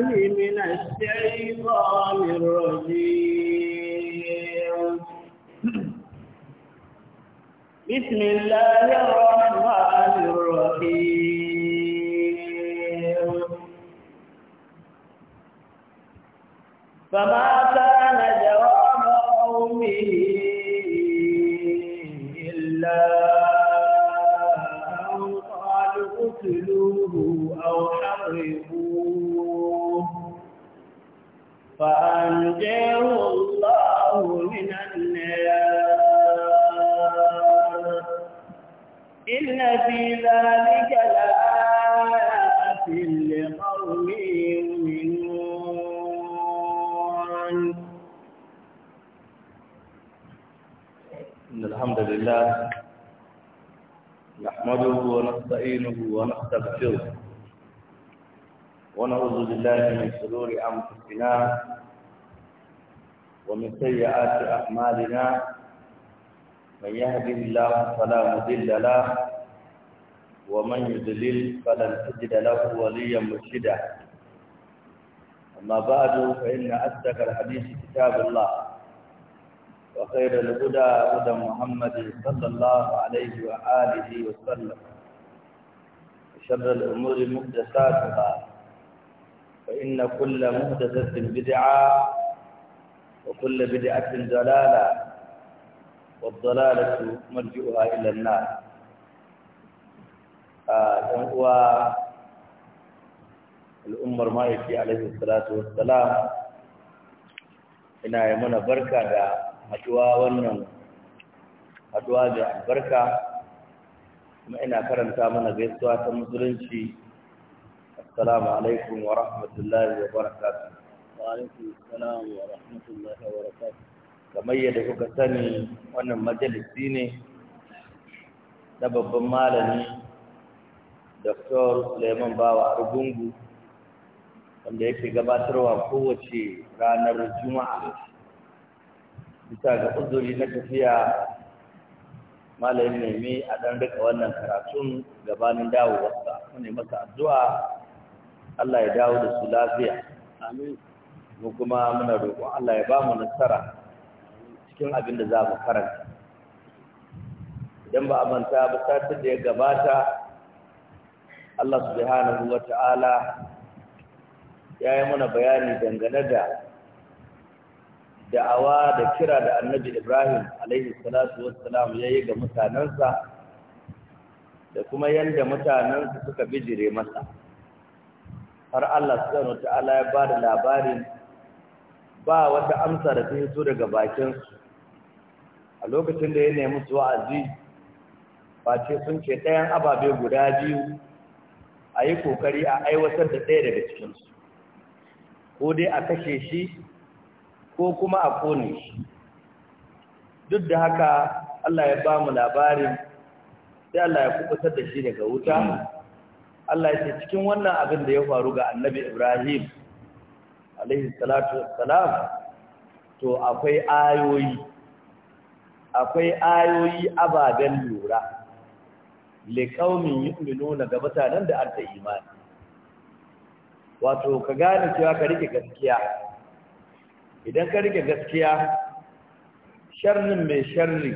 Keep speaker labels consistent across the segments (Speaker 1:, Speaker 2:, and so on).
Speaker 1: بالله من الشيطان الرجيم بسم الله الرحمن الرحيم فما أنجاه الله من النار إن في ذلك لآيات
Speaker 2: لقوم
Speaker 1: يؤمنون
Speaker 2: إن الحمد لله نحمده ونستعينه ونستغفره ونعوذ بالله من شرور أنفسنا ومن سيئات أعمالنا من يهده الله فلا مضل له ومن يضلل فلن تجد له وليا مرشدا أما بعد فإن أصدق الحديث كتاب الله وخير الهدى هدى محمد صلى الله عليه وآله وسلم وشر الأمور محدثاتها فإن كل محدثة بدعة وكل بدعة ضلالة والضلالة مرجعها إلى النار dan uwa al'ummar mahaifi alaihi salatu wassalam ina yi mana barka da haduwa wannan haɗuwa da albarka ina karanta mana gaisuwa ta musulunci assalamu alaikum wa rahmatullahi wa barakatuh alaikum salam wa rahmatullahi wa barakatuh kamar yadda kuka sani wannan majalisi ne na babban malami Dr. Suleiman Bawa Argungu wanda yake gabatarwa kowace ranar Juma'a bisa ga uzuri na tafiya malamin nemi a ɗan rika wannan karatun gabanin dawowarsa ne masa addu'a Allah ya dawo da su lafiya. mu kuma muna roƙon Allah ya ba mu nasara cikin abin da za mu karanta idan ba a manta ba satin da ya gabata Allah subhanahu ta’ala ya yi mana bayani dangane da da'awa da kira da annabi Ibrahim alaihi salatu wassalam ya yi ga mutanensa da kuma yadda mutanensa suka bijire masa har Allah subhanahu ta’ala ya ba da labarin ba wata amsa da ta hito daga bakinsu a lokacin da ya nemi su wa'azi ba ce sun ce ɗayan ababe guda biyu a yi ƙoƙari a aiwatar da ɗaya daga cikinsu ko dai a kashe shi ko kuma a kone shi duk da haka Allah ya ba mu labarin sai Allah ya kubutar da shi daga wuta Allah ya ce cikin wannan abin da ya faru ga annabi Ibrahim alaihi salatu wassalam to akwai ayoyi akwai ayoyi ababen lura liqaumin gaba ga mutanen da arda imani wato ka gane cewa ka rike gaskiya idan ka rike gaskiya sharrin mai sharri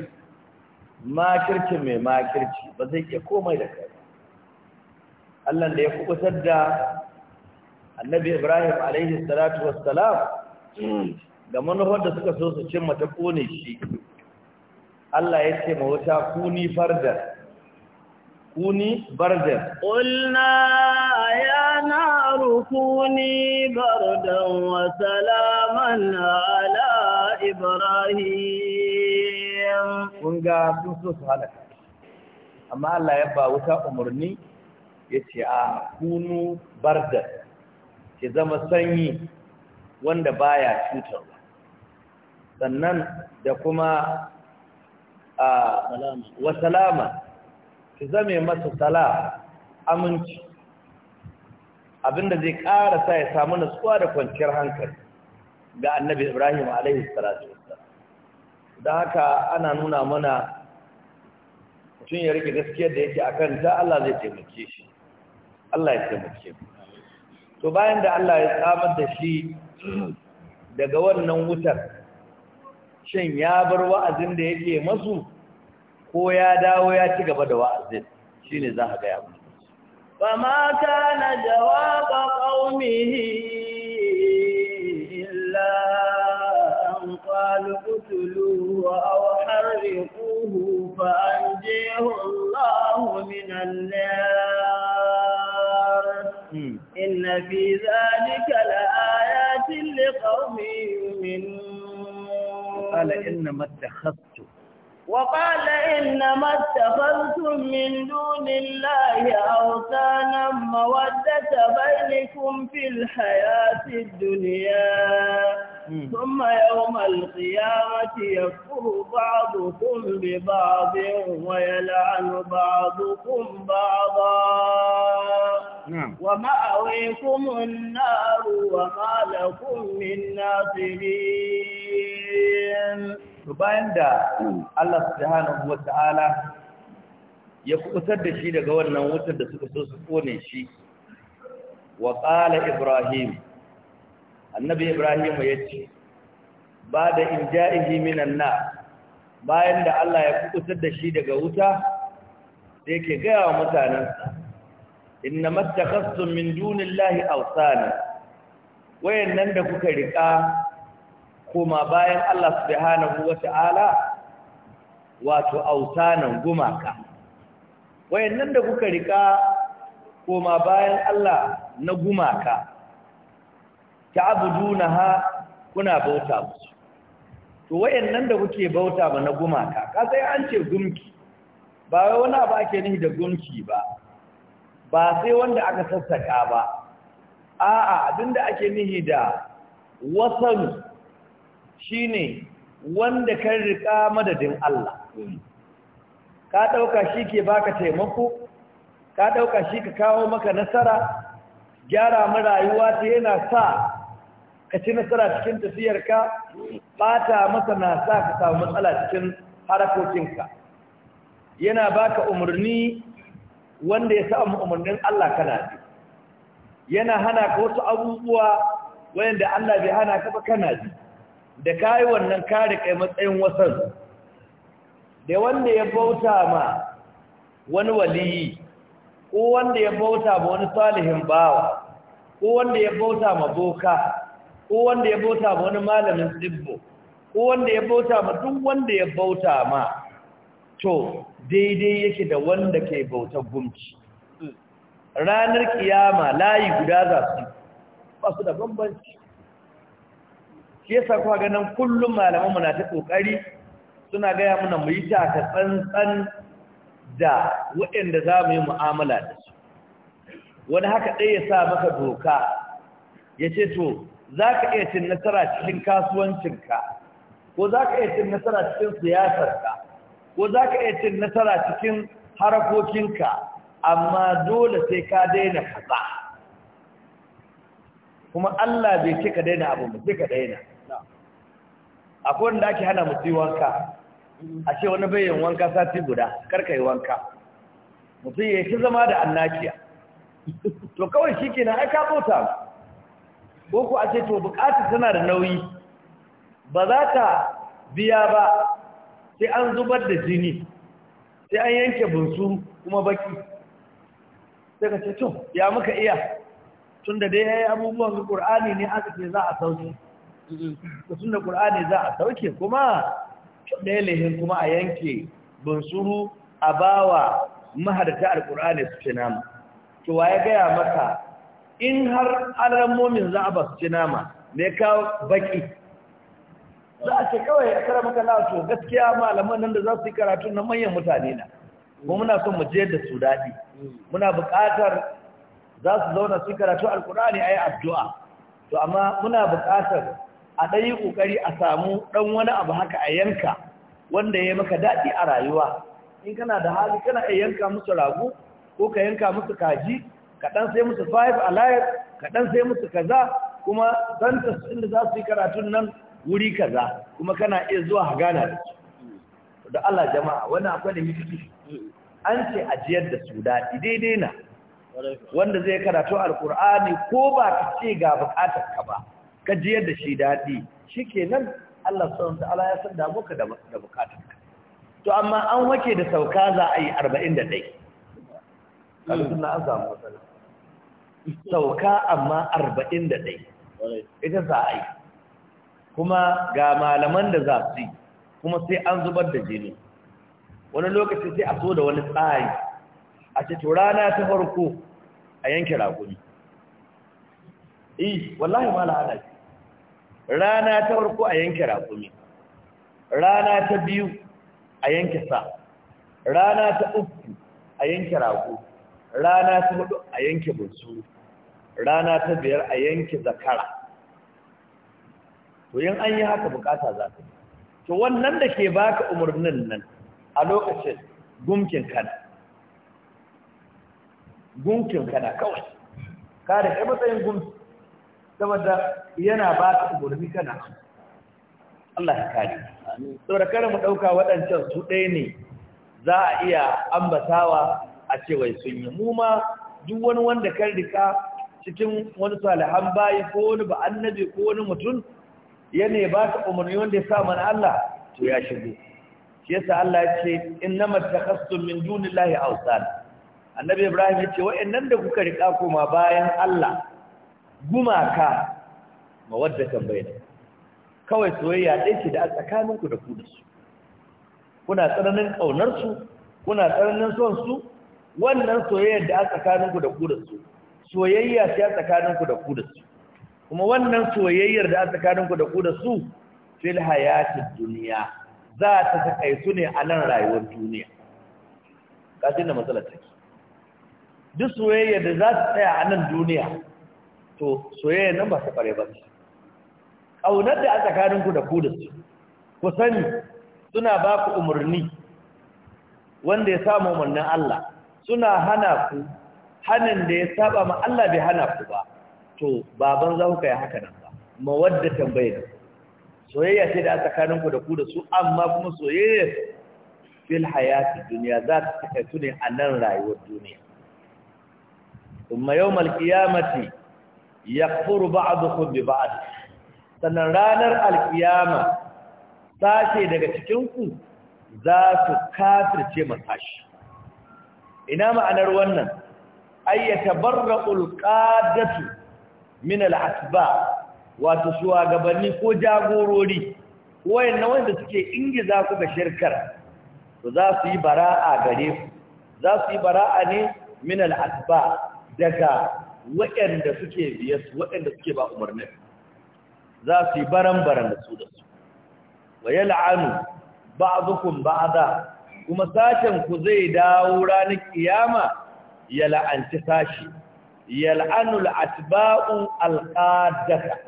Speaker 2: makirki mai makirci ba zai ke komai da kai Allah da ya kubutar da annabi ibrahim alaihi salatu wassalam ga manufar da suka so su cimma ta kone shi Allah ya ce ma wata kuni farda, kuni bardar
Speaker 1: qulna ya naru kuni barda wa salaman ala
Speaker 2: ibrahim kun ga sun so su halaka amma Allah ya ba wuta umarni ya ce a kunu bardar Ki zama sanyi wanda baya cutarwa sannan da kuma wa salama ki zame masa sala aminci abinda zai ƙara sa ya samu nutsuwa da kwanciyar hankali ga annabi ibrahim alaihi salatu da haka ana nuna mana mutum ya rike gaskiyar da yake akan ta Allah zai taimake shi Allah ya taimake mu to bayan da Allah ya tsamar da shi daga wannan wutar shin ya bar wa'azin da yake masu ko ya dawo ya ci gaba da wa'azin shine za a gaya musu
Speaker 1: فما كان جواب قومه إلا أن قالوا اقتلوه أو حرقوه فأنجيه الله minan lera في ذلك لآيات لقوم يؤمنون قال إنما اتخذت وقال إنما اتخذتم من دون الله أوثانا مودة بينكم في الحياة الدنيا Hmm. ثم يوم القيامة يكفر بعضكم ببعض ويلعن بعضكم بعضا ومأويكم النار وما لكم من ناصرين
Speaker 2: bayan da hmm. Allah subhanahu wata'ala ya kubutar da shi daga wannan wutar da suka so su kone shi wa ibrahim annabi ibrahim ya ce ba da in minan na bayan da Allah ya kukutar da shi daga wuta da yake gaya wa mutanensa inna mattakhastum min dunillahi awsana wayannan da kuka rika kuma bayan Allah subhanahu wata'ala wato awsanan gumaka wayannan da kuka rika koma bayan Allah na gumaka ta'budunaha kuna bauta musu to wayannan da kuke bauta ba na gumaka ka sai an ce gumki ba wai wani abu ake nihi da gumki ba ba sai wanda aka sassaka ba a'a abinda ake nihi da wasan shine wanda kan rika madadin Allah ka dauka shi ke baka taimako ka dauka shi ka kawo maka nasara gyara mu rayuwa ta yana sa ka ci nasara cikin tafiyarka Ba ta masa na sa ka samu matsala cikin harakokinka yana baka umarni wanda ya samu umarnin Allah kana ji yana hana ka wasu abubuwa wanda Allah bai hana ka ba kana ji da kai wannan kare kai matsayin wasan da wanda ya bauta ma wani waliyi ko wanda ya bauta ma wani salihin bawa ko wanda ya bauta ma boka ko wanda ya bauta ma wani malamin tsibbo ko wanda ya bauta ma duk wanda ya bauta ma to daidai yake da wanda ke bautar gumci ranar kiyama layi guda za su ba su da bambanci shi yasa kuwa ganin kullum mu na ta kokari suna gaya muna mu yi taka tsantsan da waɗanda za mu yi mu'amala da su wani haka ɗaya ya sa maka doka ya ce to za ka iya cin nasara cikin kasuwancinka ko za ka iya cin nasara cikin siyasarka ko za ka iya cin nasara cikin harakokinka amma dole sai ka daina kaza kuma Allah bai ce ka daina abu ba sai ka daina akwai wanda ake hana mutu wanka a ce wani bayan wanka sati guda karka yi wanka mutu ya ci zama da annakiya to kawai shi ke na aika bauta boko a ce to bukatu tana da nauyi ba za ka biya ba sai an zubar da jini sai an yanke bunsu kuma baki sai ka ce to ya muka iya tun da dai ya yi abubuwan su ƙur'ani ne aka ce za a sauke tun da ƙur'ani za a sauke kuma ɗaya kuma a yanke bunsu a bawa al alƙur'ani su ce nama to wa ya gaya maka in har alamomin za a basu ci nama ne kawo baki za a ce kawai a kara maka lato gaskiya malaman nan da za su yi karatu na manyan mutane na muna son mu je da su daɗi muna buƙatar za su zauna su yi karatu alkurani a yi addu'a to amma muna buƙatar a ɗan yi ƙoƙari a samu ɗan wani abu haka a yanka wanda ya maka daɗi a rayuwa in kana da hali kana iya yanka musu rago ko ka yanka musu kaji kaɗan sai musu five alive kaɗan sai musu kaza kuma zantas inda za su yi karatun nan wuri kaza kuma kana iya zuwa gana da su da Allah jama'a wani akwai da miki an ce ajiyar da su daɗi daidai na wanda zai karatu alkur'ani ko ba ka ce ga bukatar ka ba ka jiyar da shi daɗi shi kenan Allah sauran ta'ala ya san damu ka da bukatar ka to amma an wake da sauka za a yi arba'in da ɗai kaga mm. an samu matsala sauka amma arba'in da ɗai ita za a yi kuma ga malaman da za su yi kuma sai an zubar da jini wani lokaci sai a so da wani tsari a ce to rana ta farko a yanke raguni eh wallahi ma la'ana rana ta farko a yanke raguni rana ta biyu a yanke sa rana ta uku a yanke rago rana ta hudu a yanke bunsuru rana ta biyar a yanke zakara to yin an yi haka bukata za ta to wannan da ke baka umarnin nan a lokacin gunkin kana gunkin kana kawai ka da kai matsayin gumki saboda yana ba baka umarni kana Allah ya kare saboda kada mu dauka waɗancan su ɗaya ne za a iya ambatawa a ce wai sun yi mu ma duk wani wanda kan rika cikin wani salihan bayi ko wani ba annabi ko wani mutum ya ne ba ta umarni wanda ya sa mana Allah to ya shigo shi yasa Allah ya ce innamat takassum min dunillahi awsan annabi Ibrahim ya ce wa'annan da kuka rika koma bayan Allah gumaka mawaddatan bayyana kawai soyayya dai ce da tsakaninku da ku da su kuna tsananin kaunar su? kuna tsananin son su wannan soyayyar da a tsakaninku da ku da su soyayya ce a tsakaninku da ku da su kuma wannan soyayyar da a tsakaninku da ku da su fil hayatid duniya za ta sakai su ne a nan rayuwar duniya kasin da matsalar take duk soyayyar da za ta tsaya a nan duniya to soyayyar nan ba ta kware ba ce ƙaunar da a tsakaninku da ku da su ku sani suna ba ku umarni wanda ya samu umarnin Allah suna hana ku Hannun da ya saba ma Allah bai hana ku ba to baban za ku kai haka nan ba mawadda tambayar soyayya ce da tsakanin ku da ku da su amma kuma soyayya fil hayati duniya za ta takaitu a nan rayuwar duniya kuma yawmal qiyamati yakfuru ba'dukum bi ba'd sannan ranar alkiyama sashe daga cikin ku za su kafirce masashi ina ma'anar wannan ay yatabarra'ul qadatu min al wato shugabanni ko jagorori wayannan wanda suke ingiza ku ga shirkar to za su yi bara'a gare ku za su yi bara'a ne min al daga wayanda suke biye su wayanda suke ba umarni za su yi baran-baran da su da su wa ba'dukum ba'da kuma sashen ku zai dawo ranar kiyama ya la'anci sashi ya la'anul atba'u alqadata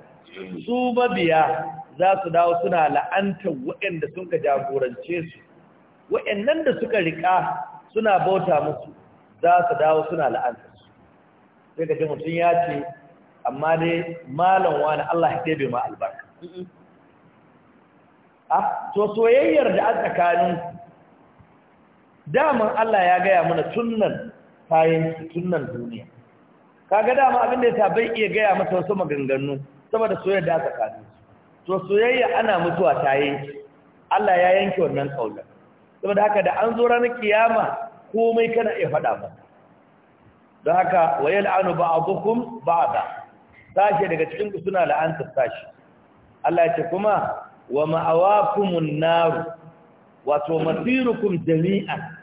Speaker 2: su mabiya za su dawo suna la'antar waɗanda sun ka jagorance su waɗannan da suka riƙa suna bauta musu za su dawo suna la'antar su sai ka ji mutum ya ce amma dai malam wani Allah ya ɗebe ma albarka a ah, to soyayyar da a tsakanin dama Allah ya gaya mana tunan kayan tunan duniya kaga dama abin da ya bai iya gaya mata wasu maganganu saboda soyayya da tsakanin su. to soyayya ana mutuwa ta yanki Allah ya yanke wannan kaula saboda haka da an zo ranar kiyama komai kana iya faɗa ba don haka wayal anu ba'dukum ba'da sashi daga cikin ku suna la'anta sashi Allah ya ce kuma wa ma'awakumun naru. wato masirukum jami'an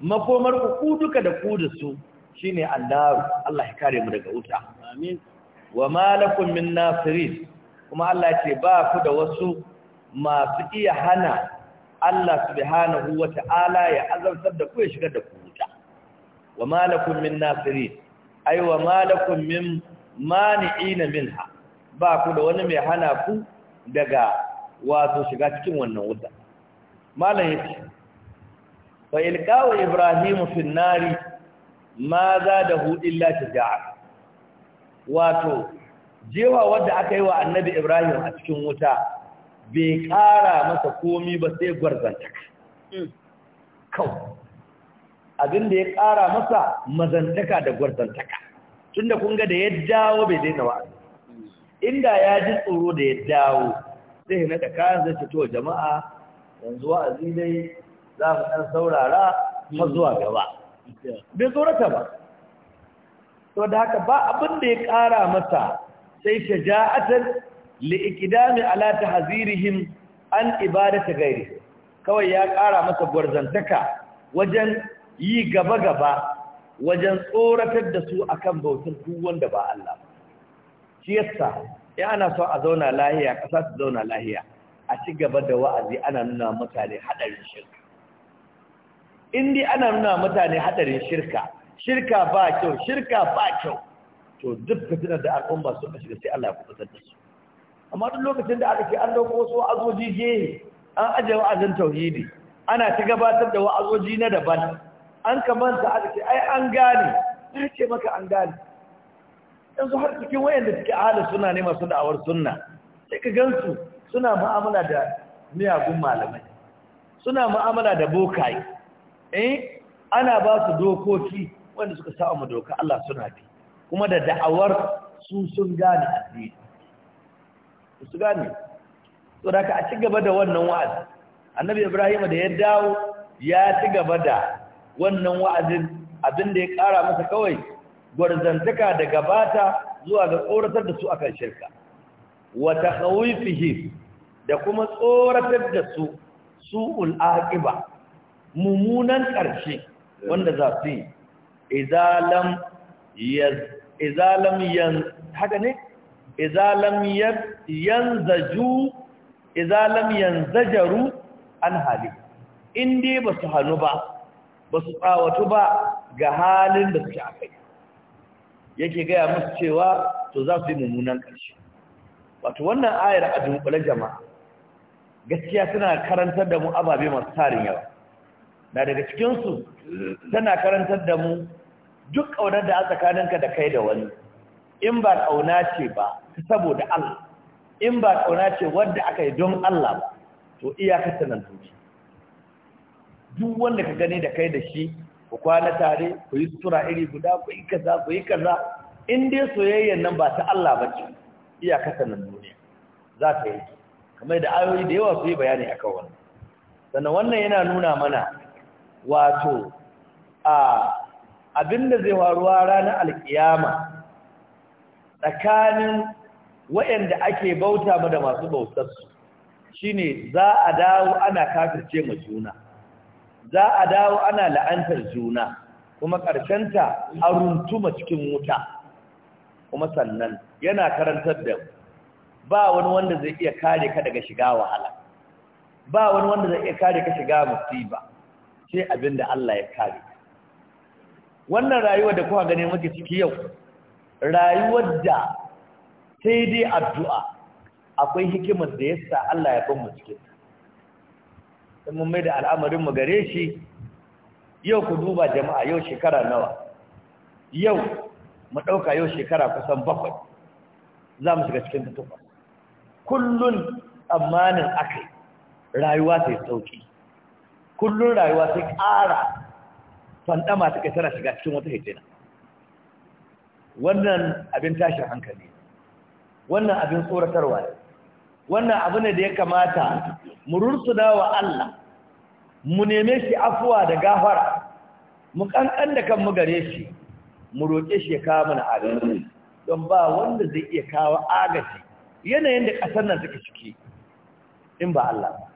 Speaker 2: makomar ku duka da ku da su shine annaru Allah ya kare mu daga wuta amin wa malakum min nasirin kuma Allah ya ce ba ku da wasu masu iya hana Allah subhanahu wata'ala ya azabtar da ku ya shigar da ku wuta wa malakum min nasirin ai wa malakum min mani'ina minha ba ku da wani mai hana ku daga wato shiga cikin wannan wuta malam yace fa ilqawa ibrahimu fin nari ma zadahu illa tija'a wato jewa wanda aka yi wa annabi ibrahim a cikin wuta bai kara masa komi ba sai gwarzantaka hmm. kau abinda ya kara masa mazantaka da gwarzantaka tunda kun ga da ya dawo bai daina wa inda ya ji tsoro da ya dawo sai na da kayan zai fito jama'a yanzu wa'azi dai za mu ɗan saurara har zuwa gaba bai tsorata ba to da haka ba abin da ya ƙara masa sai shaja'atan li'ikidami alata hazirihim an ibadata gairi kawai ya ƙara masa gwarzantaka wajen yi gaba gaba wajen tsoratar da su akan bautar duk wanda ba Allah shi yasa ya ana so a zauna lahiya ƙasa su zauna lahiya a ci gaba da wa'azi ana nuna mutane haɗarin shirka in dai ana nuna mutane hadarin shirka shirka ba kyau shirka ba kyau to duk fitinar da al'umma suka shiga sai Allah ya kubutar da su amma duk lokacin da aka ce an dauko wasu wa'azoji je, an aje wa'azin tauhidi ana ta gabatar da wa'azoji na daban an kamanta aka ce ai an gane na ce maka an gane yanzu har cikin wayanda suke ahala suna ne masu da'awar sunna sai ka gansu suna mu'amala da miyagun malamai suna mu'amala da bokaye eh ana ba su dokoki wanda suka sa mu doka Allah suna bi kuma da da'awar su sun gane addini su gane to da a ci gaba da wannan wa'azi annabi Ibrahim da ya dawo ya ci gaba da wannan wa'azin abin da ya kara masa kawai gwarzantaka da gabata zuwa ga tsoratar da su akan shirka wa takhawifihim da kuma tsoratar da su su'ul aqiba mummunan ƙarshe wanda za su yi izalam yan haka ne izalam yan zaju izalam yan zajaru an hali inda ba su hannu ba ba su tsawatu ba ga halin da suke aka yake gaya musu cewa to za su yi mummunan ƙarshe wato wannan ayar a dunkulen jama'a gaskiya suna karantar da mu ababe masu tarin yawa na daga cikinsu tana karantar da mu duk ƙaunar da a tsakaninka da kai da wani in ba ƙauna ce ba saboda Allah in ba ƙauna ce wadda aka yi don Allah ba to iyakar ta nan zuci duk wanda ka gani da kai da shi ku kwana tare ku yi sutura iri guda ku yi kaza ku yi kaza in dai soyayyar nan ba ta Allah ba ce iyakar ta nan duniya za ta yi kamar da ayoyi da yawa su yi bayani akan wannan sannan wannan yana nuna mana wato a abinda zai faruwa ranar alkiyama tsakanin waɗanda ake bauta ma da masu bautar su shine za a dawo ana kafirce ma juna za a dawo ana la'antar juna kuma ƙarshenta a runtuma cikin wuta kuma sannan yana karantar da ba wani wanda zai iya kare ka daga shiga wahala ba wani wanda zai iya kare ka shiga musiba sai abin da Allah ya kare wannan rayuwar da kuka gane muke ciki yau rayuwar da sai dai addu'a akwai hikimar da yasa Allah ya ban mu cikin ta mun mai da al'amarin mu gare shi yau ku duba jama'a yau shekara nawa yau mu ɗauka yau shekara kusan bakwai za mu shiga cikin tutuwa. kullun tsammanin akai rayuwa sai sauki kullun rayuwa sai ƙara fandama take tana shiga cikin wata hijira wannan abin tashin hankali wannan abin tsoratarwa ne wannan abu ne da ya kamata mu rursuna wa Allah mu neme shi afuwa da gafara mu kankan da kanmu gare shi mu roƙe shi ya kawo mana agaji don ba wanda zai iya kawo agaji yanayin da ƙasar nan suka ciki in ba Allah ba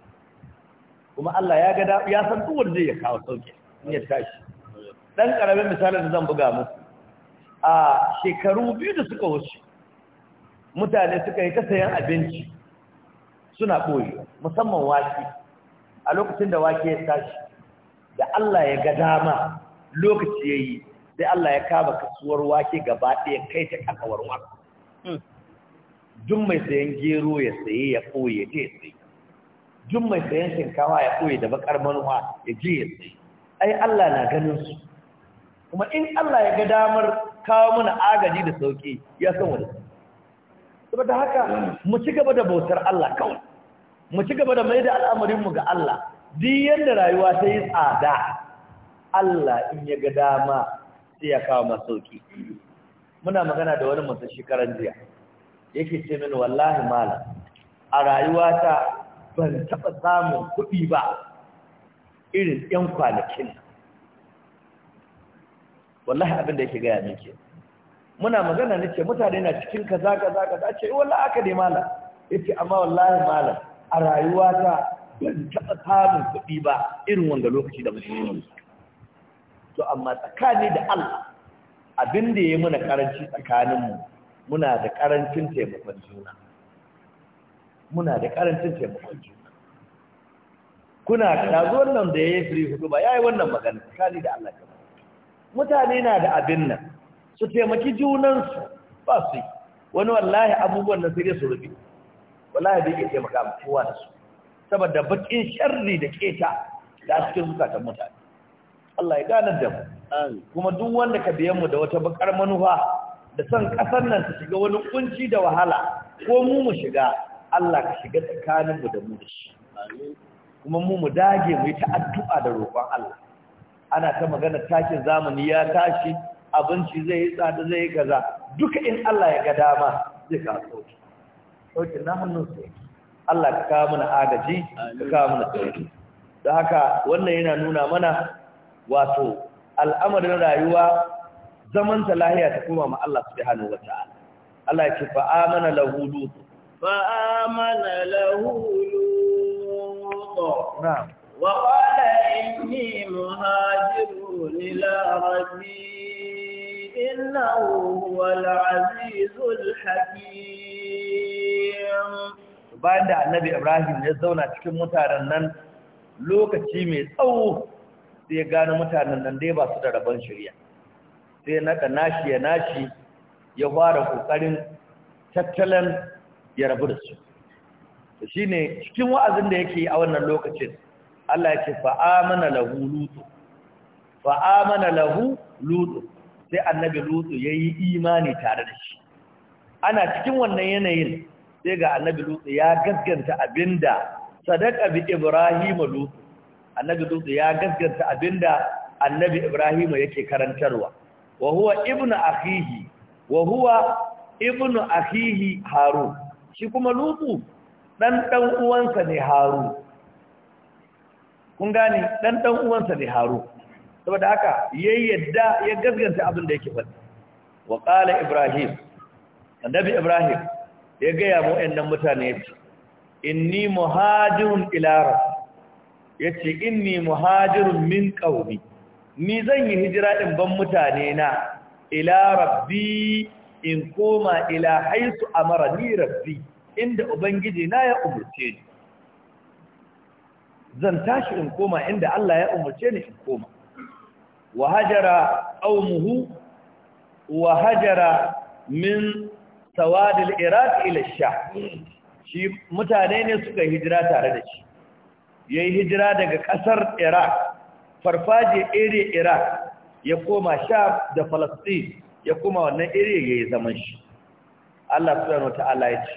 Speaker 2: kuma Allah ya ga ya san duwar zai ya kawo sauke in ya tashi dan karamin misalin da zan buga muku a shekaru biyu da suka wuce mutane suka yi ta sayan abinci suna ɓoye musamman wake a lokacin da wake ya tashi da Allah ya ga dama lokaci ya yi sai Allah ya kama kasuwar wake gaba ɗaya kai ta kakawar wake hmm. duk mai sayan gero ya saye ya ɓoye ta ya saye Jummai mai sayan shinkawa ya koye da bakar manuwa ya je ya tsaye ai Allah na ganin su kuma in Allah ya ga damar kawo mana agaji da sauƙi ya san wani saboda haka mu ci gaba da bautar Allah kawai mu ci gaba da mai da al'amarinmu ga Allah duk yadda rayuwa ta yi tsada Allah in ya ga dama sai ya kawo mana sauki muna magana da wani mutum shekaran jiya yake ce mini wallahi malam a rayuwata ban taɓa samun kuɗi ba irin 'yan kwanakin wallahi abin da yake gaya min muna magana ne ce mutane na cikin kaza kaza kaza ce eh, wala aka ne malam yace amma wallahi malam a rayuwata ban taɓa samun kuɗi ba irin wanda lokaci da ne to amma tsakani da Allah abin da yayi muna karanci tsakanin mu muna da karancin taimakon juna muna da karancin taimakon juna kuna ɗazu wannan da ya yi firi hudu ba ya yi wannan magana tsakani da Allah kama mutane na da abin nan su taimaki junansu ba su yi wani wallahi abubuwan nan sai dai su rubi wallahi bai iya taimaka ma kowa da su saboda bakin sharri da keta da cikin zukatan mutane Allah ya ganar da mu kuma duk wanda ka biyan mu da wata bakar manufa da son kasar nan ta shiga wani kunci da wahala ko mu mu shiga Allah ka shiga tsakaninmu da mu da shi kuma mu mu dage mu yi ta addu'a da roƙon Allah ana ta magana takin zamani ya tashi abinci zai yi tsada zai yi kaza duka in Allah ya ga dama zai ka sauki sauki na hannun sai. Allah ka kawo mana agaji ka kawo mana sauki da haka wannan yana nuna mana wato al'amarin rayuwa zaman ta lahiya ta kuma ma Allah subhanahu wata'ala Allah ya ce fa amana lahu
Speaker 1: فآمن له لوط وقال إني مهاجر إلى ربي إنه هو العزيز الحكيم
Speaker 2: bayan da annabi Ibrahim ya zauna cikin mutanen nan lokaci mai tsawo sai ya gano mutanen nan dai ba su da rabon shirya sai naɗa nashi ya nashi ya fara ƙoƙarin tattalin ya rabu da su shi ne cikin wa'azin da yake a wannan lokacin Allah yake fa'a mana lahu lutu fa'amana lahu lutu sai annabi lutu ya yi imani tare da shi ana cikin wannan yanayin sai ga annabi lutu ya abin abinda sadaka bi ibrahim lutu annabi lutu ya abin abinda annabi ibrahim yake karantarwa wa huwa ibnu akhihi wa huwa ibnu akhihi harun shi kuma lutu dan dan uwansa ne haru kun gane dan dan uwansa ne haru saboda haka yayi yadda ya gaskanta abin da yake faɗi wa qala ibrahim annabi ibrahim ya ga yabo ɗan mutane yace inni muhajirun ila rabbi yace inni muhajirun min qaumi ni zan yi hijira ɗin ban mutane na ila rabbi in koma ila haisu amara ni rabbi inda ubangiji na ya umurce ni zan tashi in koma inda Allah ya umurce ni in koma wa hajara qaumuhu wa hajara min al iraq ila sham shi mutane ne suka hijira tare da shi yayi hijira daga kasar iraq farfaje area iraq ya koma sham da falastin ya kuma wannan iri ya yi zaman shi Allah subhanahu Ta'ala ya ce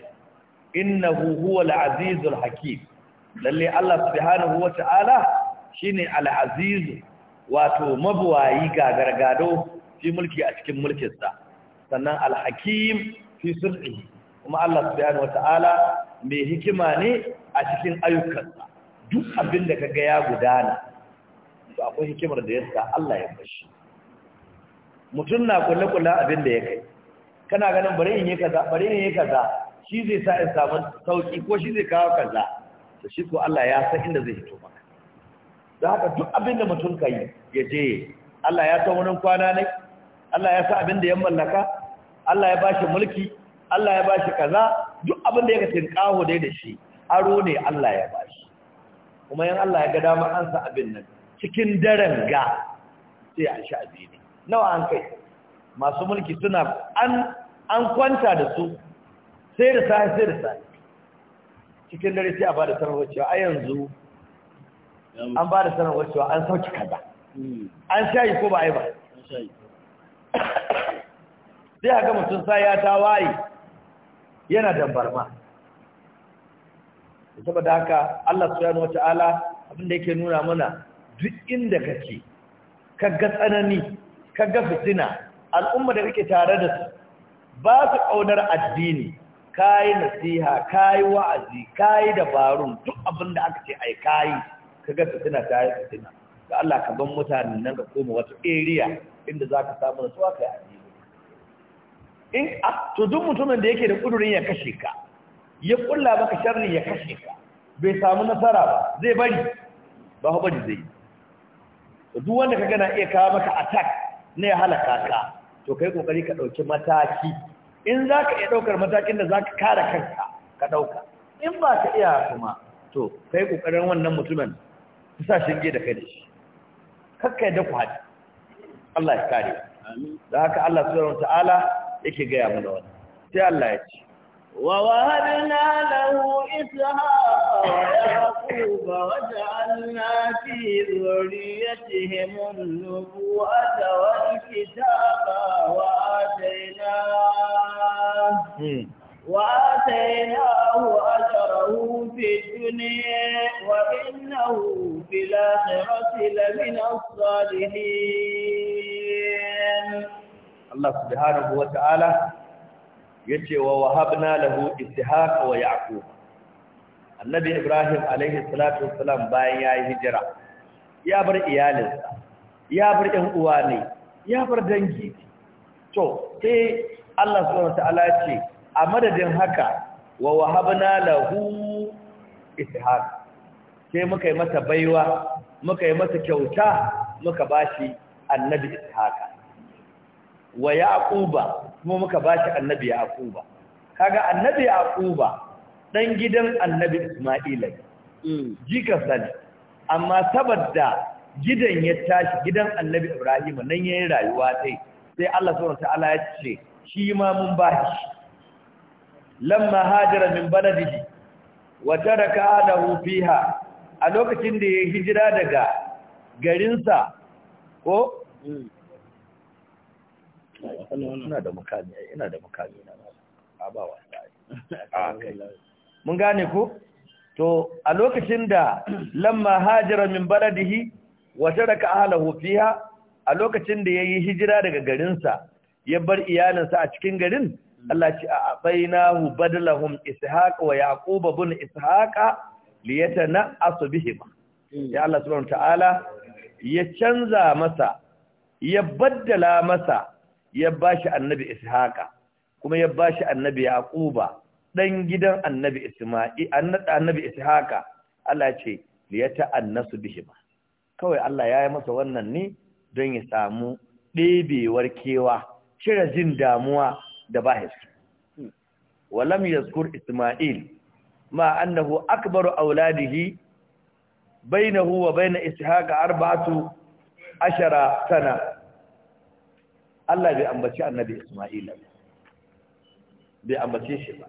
Speaker 2: innahu huwal azizul hakim lalle Allah subhanahu Ta'ala shine al aziz wato mabuwayi gagargado fi mulki a cikin mulkinsa sannan al hakim fi kuma Allah subhanahu Ta'ala mai hikima ne a cikin ayyukansa duk abin da kaga ya gudana to akwai hikimar da yasa Allah ya bashi mutum na kula-kula abin da ya kai kana ganin bari ne yi kaza bari ne kaza shi zai sa in samu sauki ko shi zai kawo kaza to shi ko Allah ya san inda zai fito maka don haka duk abin da mutum ka yi ya je Allah ya san wurin kwana ne Allah ya san abin da ya mallaka Allah ya bashi mulki Allah ya bashi kaza duk abin da ya kace kawo dai da shi aro ne Allah ya bashi kuma yan Allah ya ga dama an sa abin nan cikin daren ga sai a sha abin nawa an kai masu mulki suna an an kwanta da su sai da sai sai da sai cikin dare sai a ba da sanarwar cewa a yanzu an ba da sanarwar cewa an sauki kaza an shayi ko ba a yi ba sai haka mutum sa ya ta waye yana dambarma saboda haka Allah subhanahu wataala abinda yake nuna mana duk inda kake ka ga tsanani ka ga fitina al'umma da kake tare da su ba su kaunar addini kayi nasiha kayi wa'azi kayi dabarun duk abin da aka ce ai kayi kaga fitina ta yi fitina ga Allah ka ban mutanen nan ka koma wata area inda za ka samu nasuwa yi addini in a to duk mutumin da yake da kudurin ya kashe ka ya kulla maka sharri ya kashe ka bai samu nasara ba zai bari ba bari zai duk wanda kaga na iya kawo maka attack ne halaka ka to kai kokari ka dauki mataki in zaka iya daukar matakin da zaka kare kanka ka dauka in ba ka iya kuma to kai kokarin wannan mutumin ka sa shinge da kai da shi kakkai da ku haɗi Allah ya kare da haka Allah subhanahu wa ta'ala yake ga ya da wannan sai Allah ya ce ووهبنا له إسحاق
Speaker 1: ويعقوب وجعلنا في ذريتهم النبوة والكتاب وآتيناه وآتيناه أجره في الدنيا وإنه في الآخرة لمن الصالحين
Speaker 2: الله سبحانه وتعالى yace wa wahabna lahu ishaq wa yaqub annabi ibrahim alaihi salatu wassalam bayan yi hijira ya bar iyalinsa ya bar ɗan uwa ne ya bar dangi to sai Allah subhanahu Ta'ala ce a madadin haka wa wahabna lahu ishaq sai muka yi masa baiwa muka yi masa kyauta muka bashi annabi ishaq wa yaquba kuma muka ba shi annabi akuba kaga annabi akuba ɗan gidan annabi isma'ila mm. jika sani amma saboda gidan ya tashi gidan annabi ibrahim nan yayin rayuwa sai sai Allah subhanahu wataala ya ce shi ma mun bashi lamma hajara min baladihi wa taraka adahu fiha a lokacin da ya hijira daga garinsa ko mm. mun gane ku. to a lokacin da lamma hajira min baladihi wa taraka ahlihi fiha a lokacin da yayi hijira daga garinsa ya bar iyalinsa a cikin garin Allah ce a Bainahu, badalahum ishaq wa yaquba bin ishaq liyatana'asu bihim ya Allah subhanahu ta'ala ya canza masa ya baddala masa ya bashi annabi ishaqa kuma ya bashi annabi yaquba ɗan gidan annabi isma'i annabi ishaqa Allah ce annasu bihima kawai Allah ya yi masa wannan ne don ya samu ɗebewar kewa cire jin damuwa da ba hisu walam yazkur isma'il ma annahu akbaru auladihi bainahu wa bain ishaqa arba'atu ashara sana Allah bai ambaci annabi Isma'ila bai ambace shi ba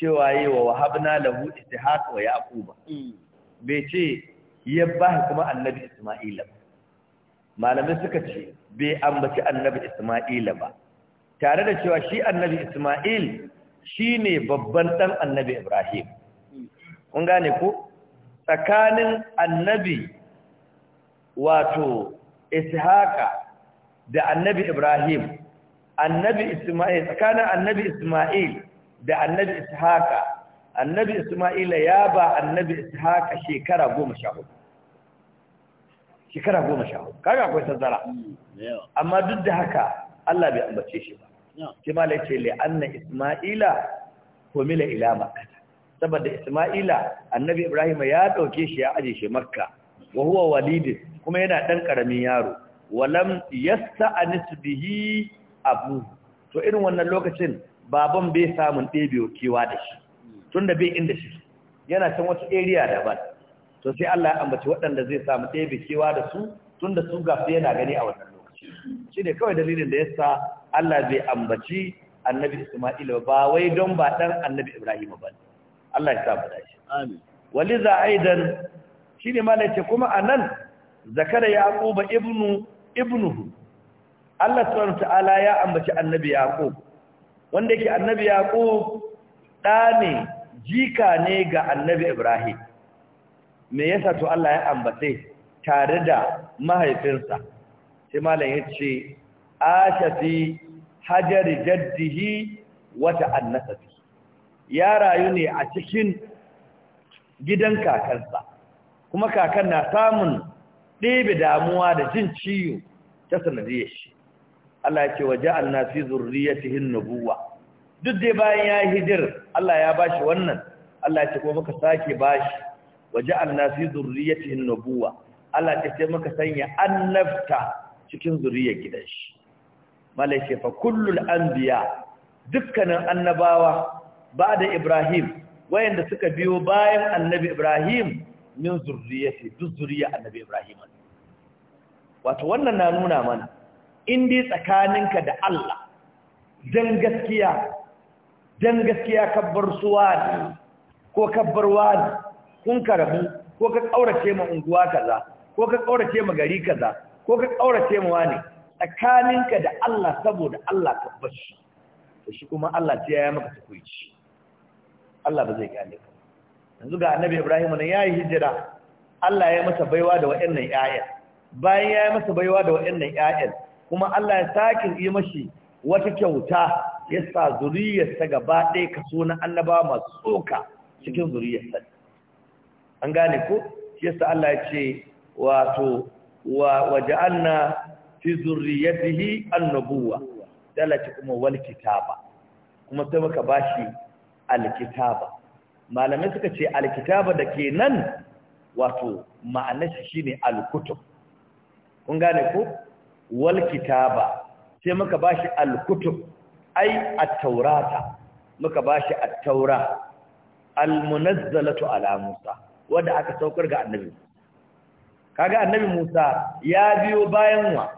Speaker 2: cewa yi wa wahabna lahu ishaq wa yaquba bai ce ya ba kuma annabi Isma'ila ba malamai suka ce bai ambaci annabi Isma'ila ba tare da cewa shi annabi Isma'il shine babban dan annabi Ibrahim kun gane ko tsakanin annabi wato ishaqa da annabi Ibrahim annabi Isma'il tsakanin annabi Isma'il da annabi ishaka. annabi Isma'ila ya ba annabi ishaka shekara 14 shekara 14 kaga akwai tazara amma duk da haka Allah bai ambace shi ba kima la ce le anna Isma'ila humila ila Makka saboda Isma'ila annabi Ibrahim ya dauke shi ya aje shi Makka wa huwa walid kuma yana dan karamin yaro walam yasta anisbihi abu to irin wannan lokacin baban bai samun ɗebewa kewa da shi tunda bai inda shi yana can wata area ba to sai Allah ya ambaci waɗanda zai samu ɗebe kewa da su tunda su ga su yana gani a wannan lokaci shi ne kawai dalilin da yasa Allah zai ambaci annabi Isma'il ba wai don ba ɗan annabi Ibrahim ba Allah ya sa mu dace amin waliza aidan shine malaka kuma anan zakara yaquba ibnu ibnuhu Allah subhanahu ta'ala ya ambaci annabi yaqub wanda yake annabi yaqub ɗane, jika ne ga annabi ibrahim me yasa to Allah ya ambace tare da mahaifinsa sai malam yace ashafi hajar jaddihi wata annasabi ya rayu ne a cikin gidan kakansa kuma kakan na samun ɗebe damuwa da jin ciwo ta sanadiyar shi Allah ya ce wa na fi hin nabuwa. duk dai bayan ya yi hijir Allah ya bashi wannan Allah ya ce kuma muka sake bashi wa na fi hin nabuwa. Allah ya ce muka sanya annabta cikin zurriya gidan shi ce fa kullul anbiya dukkanin annabawa ba da Ibrahim wayanda suka biyo bayan annabi Ibrahim min zurriyati duk zuriya annabi Ibrahim wato wannan na nuna mana in dai tsakaninka da Allah dan gaskiya dan gaskiya kabbar suwa ko bar ne kun karabu ko ka kaurace ma unguwa kaza ko ka kaurace ma gari kaza ko ka kaurace ma wani tsakaninka da Allah saboda Allah kabbashi to shi kuma Allah sai ya maka tukuici Allah ba zai gane ka yanzu ga annabi ibrahim ne yayi hijira Allah ya masa baiwa da wa'annan ƴaƴan bayan ya yi masa baiwa da wayannan ƴaƴan kuma Allah ya sake yi mashi wata kyauta ya sa sa gaba ɗaya kaso na annaba masu tsoka cikin sa an gane ko shi yasa Allah ya ce wato wa waja'alna fi zurriyatihi an-nubuwa dalati kuma wal kitaba kuma sai muka bashi alkitaba. malamai suka ce alkitaba da ke nan wato ma'anashi ne alkutub kun gane ko wal kitaba sai muka ba shi alkutub ai at-taurata muka ba shi at-taura al-munazzalatu ala Musa wanda aka saukar ga annabi kaga annabi Musa ya biyo bayan wa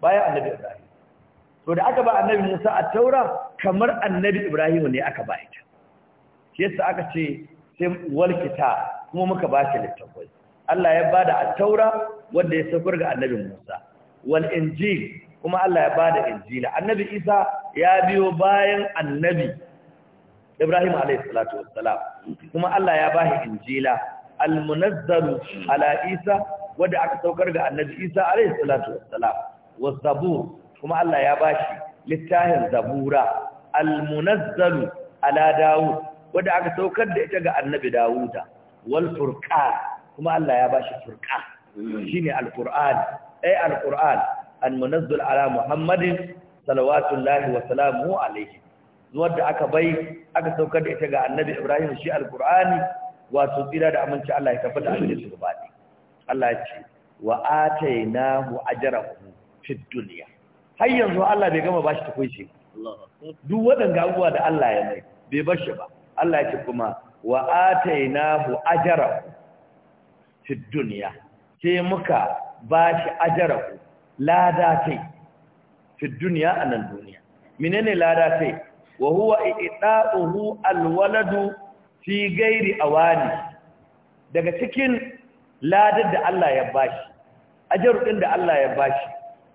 Speaker 2: bayan annabi Ibrahim to da aka ba annabi Musa at-taura kamar annabi Ibrahim ne aka ba ita shi yasa aka ce sai walkita. kuma muka ba shi littafai Allah ya bada at-taura wanda ya saukar ga annabi Musa wal injil kuma Allah ya bada injila annabi Isa ya biyo bayan annabi Ibrahim alayhi salatu wassalam kuma Allah ya bashi injila al munazzal ala Isa wanda aka saukar ga annabi Isa alayhi salatu wassalam was-zabur kuma Allah ya bashi littafin zabura al munazzal ala Dawud wadda aka saukar da ita ga annabi dawuda wal furqa kuma Allah ya bashi furqa shine alquran ay alquran almunazzal ala muhammadin salawatullahi wa salamuhu alayhi wadda aka bai aka saukar da ita ga annabi ibrahim shi alqurani wato tsira da aminci Allah ya tabbata a cikin su gabani Allah ya ce wa atainahu ajrahu fid dunya har yanzu Allah bai gama bashi tukunci duk waɗanda abubuwa da Allah ya mai bai bashi ba Allah ya ce kuma wa atainahu ajra fi dunya sai muka bashi ajra lada ce fi dunya anan duniya menene lada ce wa huwa ida'uhu alwaladu fi ghairi awani daga cikin ladar da Allah ya bashi ajaru din da Allah ya bashi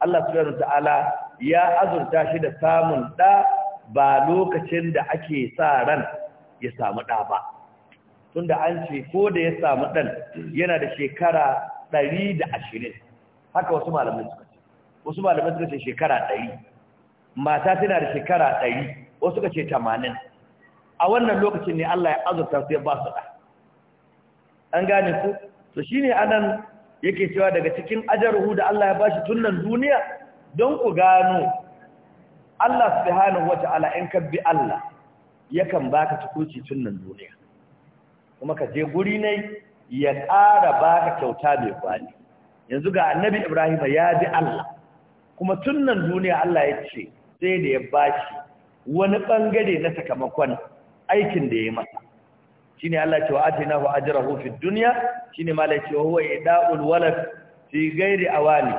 Speaker 2: Allah subhanahu ta'ala ya azurta shi da samun da ba lokacin da ake sa ran ya samu ɗa ba tunda an ce ko da ya samu ɗan yana da shekara ɗari da ashirin haka wasu malamai suka ce wasu malamai suka ce shekara ɗari mata tana da shekara ɗari wasu suka ce tamanin a wannan lokacin ne Allah ya azurta su ya ba su ɗa an gane ku to shi ne anan yake cewa daga cikin ajarhu da Allah ya bashi tun duniya don ku gano Allah subhanahu ta'ala in ka bi Allah yakan baka tukuci tun nan duniya kuma ka je guri ne ya ƙara baka kyauta mai kwali. yanzu ga annabi Ibrahim ya bi Allah kuma tun nan duniya Allah ya ce sai da ya bashi wani bangare na sakamakon aikin da ya masa shine Allah ya ce wa atinahu ajrahu fi dunya shine ne ya ce huwa ida'ul walad fi ghairi awani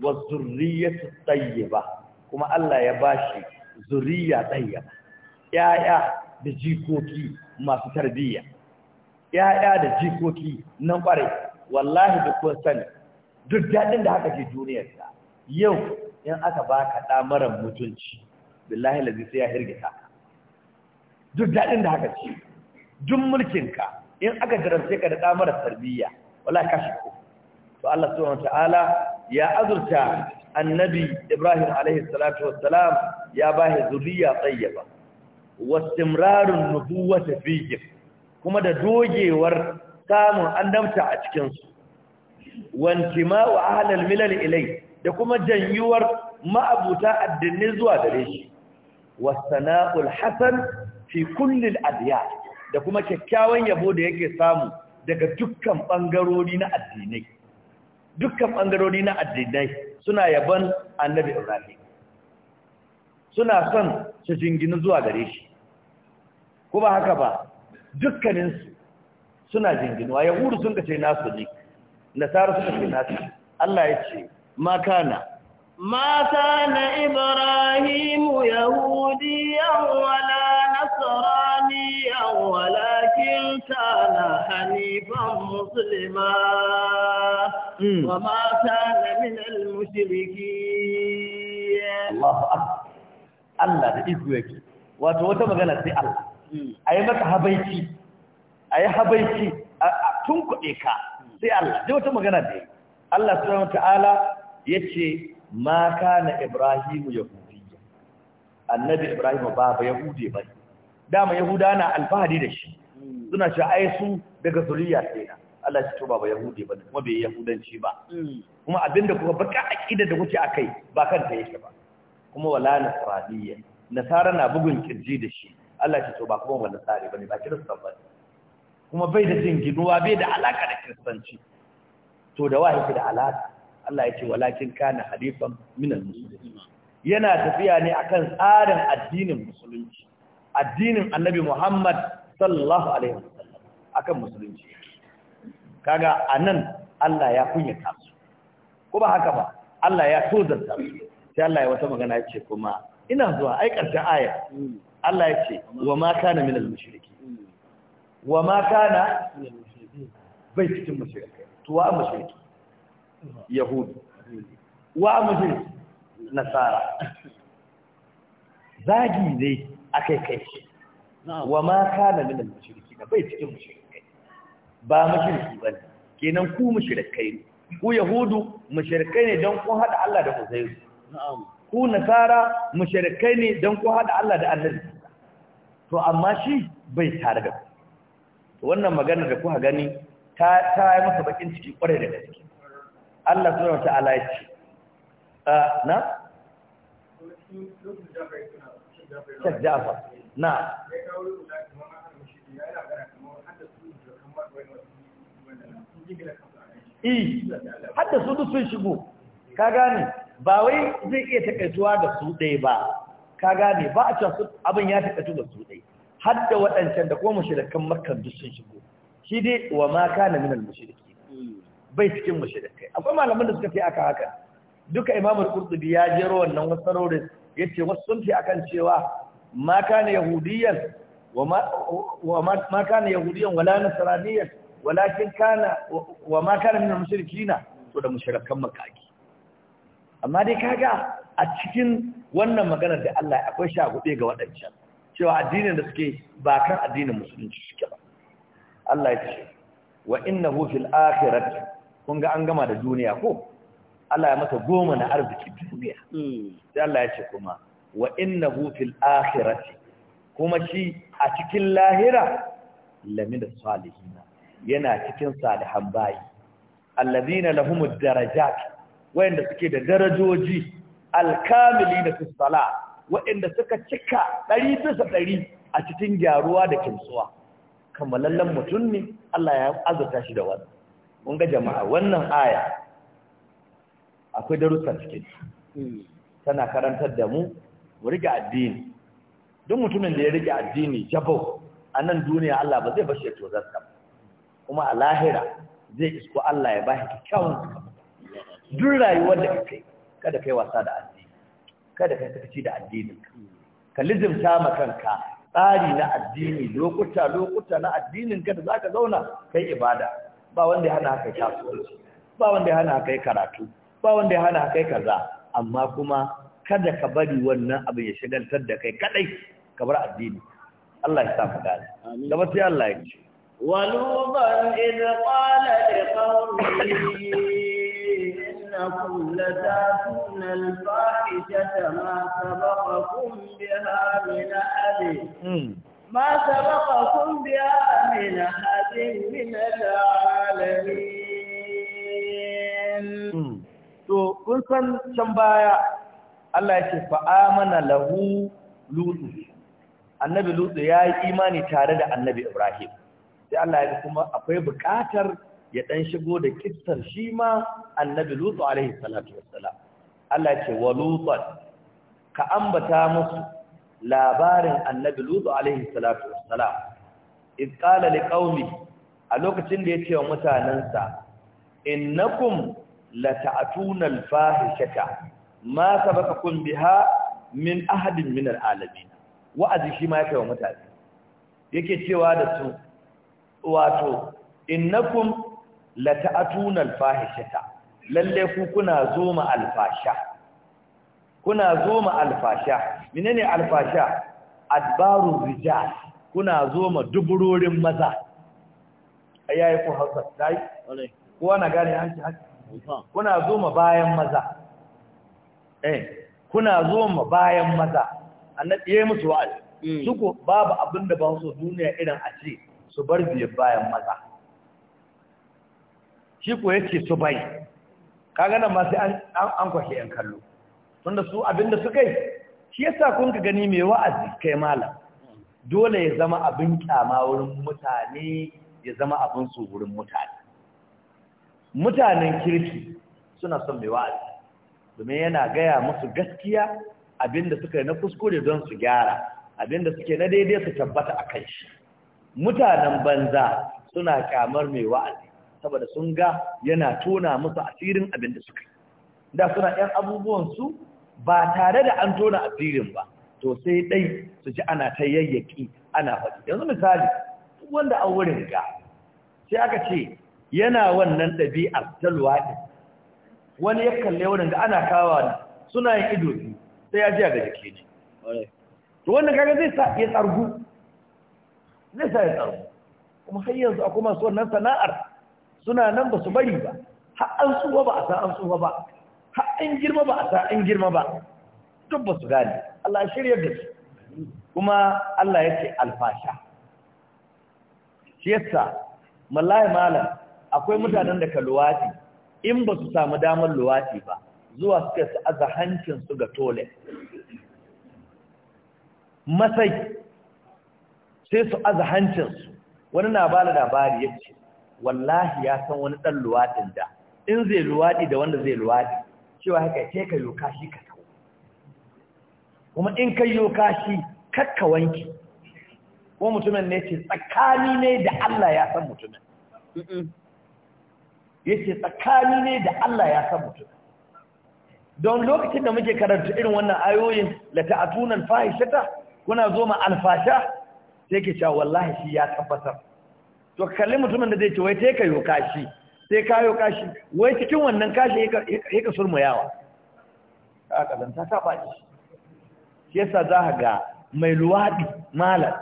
Speaker 2: wa zurriyyatu tayyiba kuma Allah ya bashi zuriya tayyiba ya'ya da jikoki masu tarbiyya ya'ya da jikoki na ƙware. wallahi da kun sani duk daɗin da haka ke duniyarsa yau in aka baka ɗa mara mutunci billahi lazi sai ya hirgita duk daɗin da haka ce duk mulkinka in aka jarabce ka da ɗa tarbiyya wallahi ka shi ko to Allah subhanahu ta'ala ya azurta annabi Ibrahim alaihi salatu wassalam ya bahi zuriya tayyiba wastimrarun nubuwata fihi kuma da dogewar samun annabta a cikin su wantima'u ahlal milal ilai da kuma janyuwar ma'abuta addinai zuwa gare shi wasana'ul hassan fi kulli al da kuma kyakkyawan yabo da yake samu daga dukkan bangarori na addinai dukkan bangarori na addinai suna yaban annabi Ibrahim suna son su jingina zuwa gare shi ko ba haka ba dukkaninsu suna jinginuwa yahudu sun ka ce nasu ne nasara suka ce nasu Allah ya ce makana
Speaker 1: mata na ibrahimu yahudiyan wala nasraniyan walakin kana hanifan muslima
Speaker 2: hmm. wa mata na minal mushriki Allah da iko yake wato wata magana sai Allah a yi mata habaici a yi habaici a tun kuɗe ka sai Allah zai wata magana da yi Allah subhanahu ta'ala ya ce ma kana Ibrahimu yahudiyya annabi Ibrahim ba ba yahude ba dama yahuda na alfahari da shi suna cewa ai su daga zuriya sai na Allah ya ce to ba yahude ba kuma bai yahudanci ba kuma abinda kuka baka akida da kuke akai ba kanta yake ba kuma wala nasraniyya nasara na bugun kirji da shi Allah ce to ba kuma wannan tsari bane ba kiristan ba kuma bai da jin ginuwa bai da alaka da kiristanci to da wahi ke da alaka Allah ya ce walakin kana halifan minal muslimin yana tafiya ne akan tsarin addinin musulunci addinin annabi Muhammad sallallahu alaihi wasallam akan musulunci kaga anan Allah ya kunyata su kuma haka ba Allah ya tozarta su sai Allah ya wata magana ya ce kuma ina zuwa ai karshen aya Allah ya ce wa ma kana minal mushriki wa ma kana bai cikin mushrikai to wa mushriki yahudi wa mushriki nasara zagi ne akai kai shi wa ma kana minal mushriki da bai cikin mushrikai ba mushriki ba kenan ku mushrikai ku yahudu mushrikai ne don ku hada Allah da Uzairu na'am ku nasara mushrikai ne don ku hada Allah da annabi to amma shi bai tare da ku wannan magana da kuka gani ta ta yi masa bakin ciki kware da gaske Allah subhanahu wataala ya ce na Shek Jafar na I eh, hadda su duk sun shigo ka gane ba wai zai iya takaituwa da su ɗaya ba ka gane ba a can abin ya takaitu da su ɗaya har da waɗancan da kuma mushrikan makar duk sun shigo shi dai wa ma kana min al bai cikin mashirikai. akwai malaman da suka fi aka haka duka imamul kurdubi ya jero wannan Ya ce wasu sun fi akan cewa ma kana yahudiyan وما كان يهوديا ولا نصرانيا wa كان وما كان من المشركين to da mushrikan makaki amma dai kaga a cikin wannan maganar da Allah akwai shagube ga waɗancan cewa addinin da suke ba kan addinin musulunci suke ba Allah ya ce wa innahu fil akhirati kun ga an gama da duniya ko Allah ya masa goma na arziki duniya hmm. sai Allah ya ce kuma wa innahu fil akhirati kuma shi a cikin lahira lamina salihina yana cikin salihan bayi allazina lahumud darajat wayanda suke da darajoji alkamili da fisala wayanda suka cika ɗari bisa ɗari a cikin gyaruwa da kimsuwa, kammalallen mutum ne Allah ya azurta shi da wannan mun ga jama'a wannan aya akwai darussa cikin tana karantar da mu mu rike addini duk mutumin da ya rike addini jabo a nan duniya Allah ba zai shi ya ba. kuma a lahira zai isko Allah ya bashi kyakkyawan
Speaker 1: duk rayuwar da
Speaker 2: kai kada kai wasa da addini kada kai sakaci da addinin ka lizimta ma kanka tsari na addini lokuta lokuta na addinin ka da zaka zauna kai ibada ba wanda ya hana kai kasuwanci ba wanda ya hana kai karatu ba wanda ya hana kai kaza amma kuma kada ka bari wannan abu ya shigaltar da kai kadai ka bar addini Allah ya sa mu gane gaba sai Allah ya ce
Speaker 1: waluban idh qala liqawmihi إنكم لتاتون الفاحشة ما سبقكم بها من أحد ما سبقكم بها من أحد من العالمين
Speaker 2: to kun san can baya Allah ya ce fa amana lahu lutu annabi lutu ya yi imani tare da annabi ibrahim sai Allah ya ce kuma akwai buƙatar. ya ɗan shigo da kissar shi ma annabi lutu alaihi salatu wassalam Allah ce wa ka ambata musu labarin annabi lutu alaihi salatu wassalam iz qala liqaumi a lokacin da yace wa mutanansa innakum lata'tuna al-fahishata ma sabaqakum biha min ahadin min al wa'azi shi ma yake wa mutane yake cewa da su wato innakum lata'atuna alfahishata lalle ku kuna zo ma alfasha kuna zo ma alfasha menene alfasha adbaru rijal kuna zo ma duburorin maza ayaye ku hausa dai ko na gane an ci haka kuna zo ma bayan maza eh kuna zo ma bayan maza annabi yayi musu wa'azi mm. ko babu abinda ba su duniya irin a ce su bar biyan bayan maza shi ko yace su bai kaga nan ma sai an an kwashe yan kallo tunda su abinda suka yi shi yasa kun ga gani mai wa'azi kai malam dole ya zama abin kyama wurin mutane ya zama abin su wurin mutane mutanen kirki suna son mai wa'azi domin yana gaya musu gaskiya abinda suka yi na kuskure don su gyara abinda suke na daidai su tabbata a kai shi mutanen banza suna kyamar mai wa'azi saboda sun ga yana tona musu asirin abin da suka da suna ‘yan abubuwansu ba tare da an tona asirin ba to sai ɗai su ji ana ta yayyaki ana faɗi yanzu misali wanda an wurin ga sai aka ce yana wannan ɗabi'ar ta luwaɗi wani ya kalle wurin ga ana kawa suna yin ido sai ya ji ga jiki ne to wannan kaga zai sa ya tsargu zai sa ya tsargu kuma har yanzu kuma masu wannan sana'ar suna nan ba su bari ba har an tsuwa ba a san an tsuwa ba har an girma ba a san an girma ba duk ba su gane Allah shirya da su kuma Allah ya ce alfasha shi yasa mallahi malam akwai mutanen da ka luwati in ba su samu damar luwati ba zuwa suke su aza hancinsu ga tole masai sai su aza hancinsu wani na ba da labari ya ce wallahi ya san wani ɗan luwaɗin da in zai luwaɗi da wanda zai luwaɗi cewa haka ce ka yoka shi ka ta'u. kuma in ka yoka shi kakka wanki ko mutumin ne ce tsakani ne da Allah ya san mutumin ya ce tsakani ne da Allah ya san mutumin don lokacin da muke karanta irin wannan ayoyin la ta'atunan fahishata kuna zo ma alfasha sai ke cewa wallahi shi ya tabbatar to kalli mutumin da zai ce wai sai ka yo kashi sai ka yo kashi wai cikin wannan kashi ya ka yawa. ka kazanta ta faɗi shi yasa za ga mai luwaɗi malam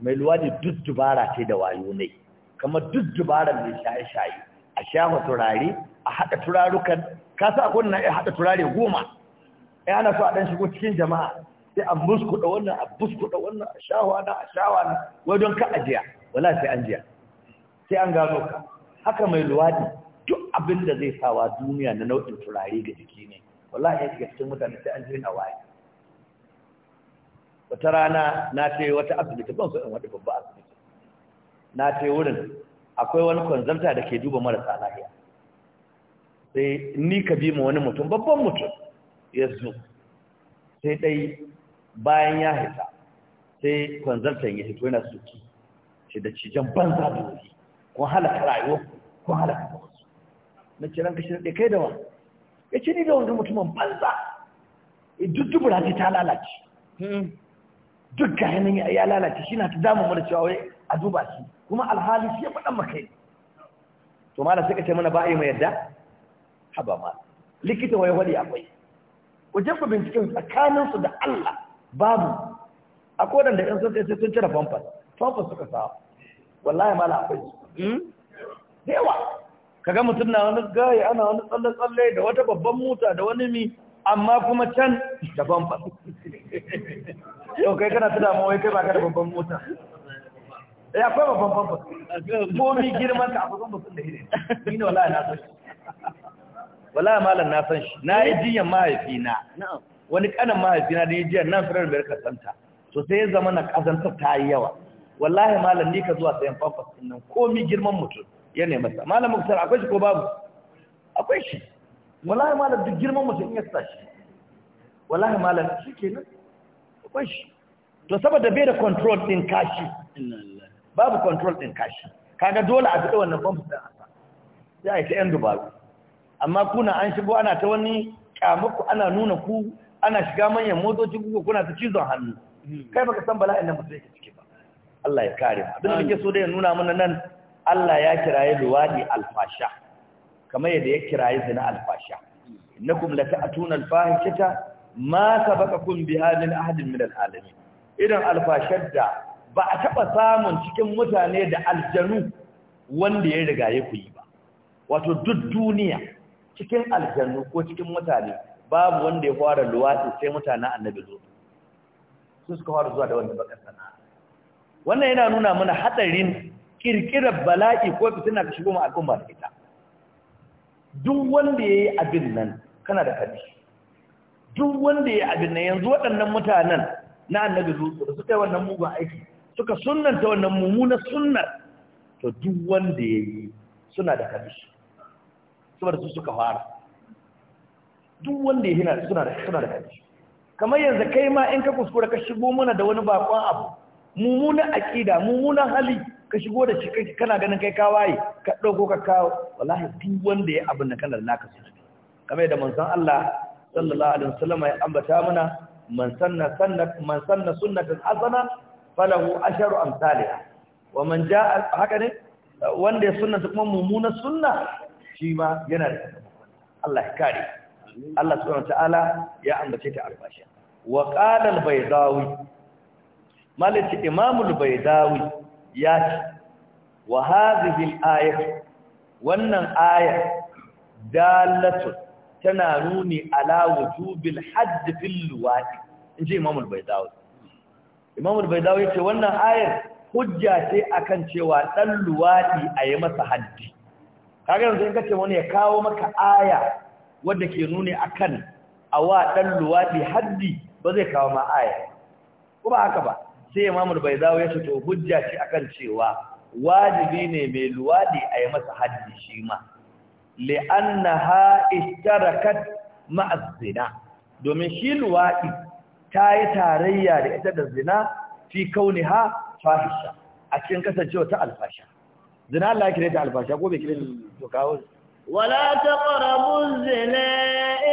Speaker 2: mai luwaɗi duk dubara ce da wayo ne kamar duk dubaran mai shaye-shaye a shafa turare a haɗa turarukan kasa kun na haɗa turare goma ya ana so a ɗan shigo cikin jama'a sai a buskuɗa wannan a buskuɗa wannan a shawa na a shawa na wai don ka ajiya wala sai an jiya sai an gano ka haka mai luwadi duk abin da zai sawa duniya na nau'in turare ga jiki ne wallahi ya shiga cikin mutane sai an ji na waye wata rana na ce wata asibiti ban so in wata babba asibiti na ce wurin akwai wani konzalta da ke duba marasa lafiya sai ni ka bi ma wani mutum babban mutum ya zo sai dai bayan ya hita sai konsultan ya hito yana suki shi da cijan banza da wuri ko halaka rayuwa ko halaka da na ce ranka shi da kai da wa ya ce ni da wani mutumin banza ya dubura ce ta lalace hmm. duk ga hannun ya lalace shi na ta damar mana cewa wai a duba shi kuma alhali shi ya faɗan yi to mala suka ce mana ba'a yi mai yadda haba ma likita wai wani akwai wajen ku binciken tsakaninsu da allah babu a kodan da yan sun sai sun cire famfas famfas suka sawa wallahi mala akwai hmm? da yawa kaga mutum na wani gaya ana wani tsalle-tsalle da wata babban mota da wani mi amma kuma can da bamfa yau kai kana tuna mawai kai baka da babban mota ya eh, akwai babban bamfa ko mi girman ka abubuwan bamfa sun da hire ni ne wala na san shi wallahi malam na san shi na yi jiyan mahaifina wani kanan mahaifina da yi jiyan nan firar bai santa sosai sai ya zama na kazantar ta yi yawa wallahi malam ni ka zuwa sayan famfas din nan komi girman mutum ya nemi sa malam muktar akwai shi ko babu akwai shi wallahi malam duk girman mutum ya sa shi wallahi malam shi kenan akwai shi to saboda bai da control din kashi babu control din kashi kaga dole a fita wannan famfas din asa sai a yi ta yan dubaru amma kuna an shigo ana ta wani kyamaku ana nuna ku ana shiga manyan motocin kuka kuna ta cizon hannu hmm. kai baka san bala'in ba mutum ka ciki ba Allah ya kare mu abin da muke so da ya nuna mana nan Allah ya kiraye luwadi alfasha kamar yadda ya kiraye zina alfasha innakum lata'tuna alfahishata ma sabaqakum biha min ahadin min alalamin idan alfashar da ba a taba samun cikin mutane da aljanu wanda ya riga ya kuyi ba wato duk duniya cikin aljanu ko cikin mutane babu wanda ya fara luwadi sai mutanen annabi zo su suka fara zuwa da wanda baka sana'a wannan yana nuna mana hatsarin kirkirar bala'i ko fitina ka shigo ma al'umma da ita duk wanda ya yi abin nan kana da kaɗi duk wanda ya yi abin nan yanzu waɗannan mutanen na annabi zuwa su suka yi wannan mugun aiki suka sunanta wannan mummunar sunar, to duk wanda ya yi suna da kaɗi saboda su suka fara duk wanda ya yi suna da kaɗi kamar yanzu kai ma in ka kuskura ka shigo mana da wani bakon abu mummunan aƙida mummunan hali ka shigo da shi kana ganin kai ka waye ka ɗauko ka kawo wallahi duk wanda ya abin da kana da naka su kamar da manzon Allah sallallahu alaihi wasallam ya ambata mana man sanna sunnat man sanna sunnatan hasana falahu asharu amsalha wa man jaa haka ne wanda ya sunna kuma mummunan sunna shi ma yana da Allah ya kare Allah subhanahu wa ta'ala ya ambace ta albashi wa qala al-baydawi malaci imamul baidawi ya ce wa hadhihi wannan aya dalatu tana nuni ala wujubil hadd fil luwadi inji imamul baidawi imamul baidawi yace wannan ayar hujja ce akan cewa dan luwaɗi a yi masa haddi kaga yanzu in ce wani ya kawo maka aya wanda ke nuni akan awa dan luwaɗi haddi ba zai kawo ma aya ko ba haka ba sai imamul bai zawo ya to hujja ce akan cewa wajibi ne mai luwadi a yi masa haddi shi ma li'annaha ishtarakat ma'a ma'azina domin shi luwadi ta yi tarayya da ita da zina fi kauniha fahisha a cikin kasancewa ta alfasha zina Allah ya kire ta alfasha ko bai kire ta kawo
Speaker 1: wala taqrabu zina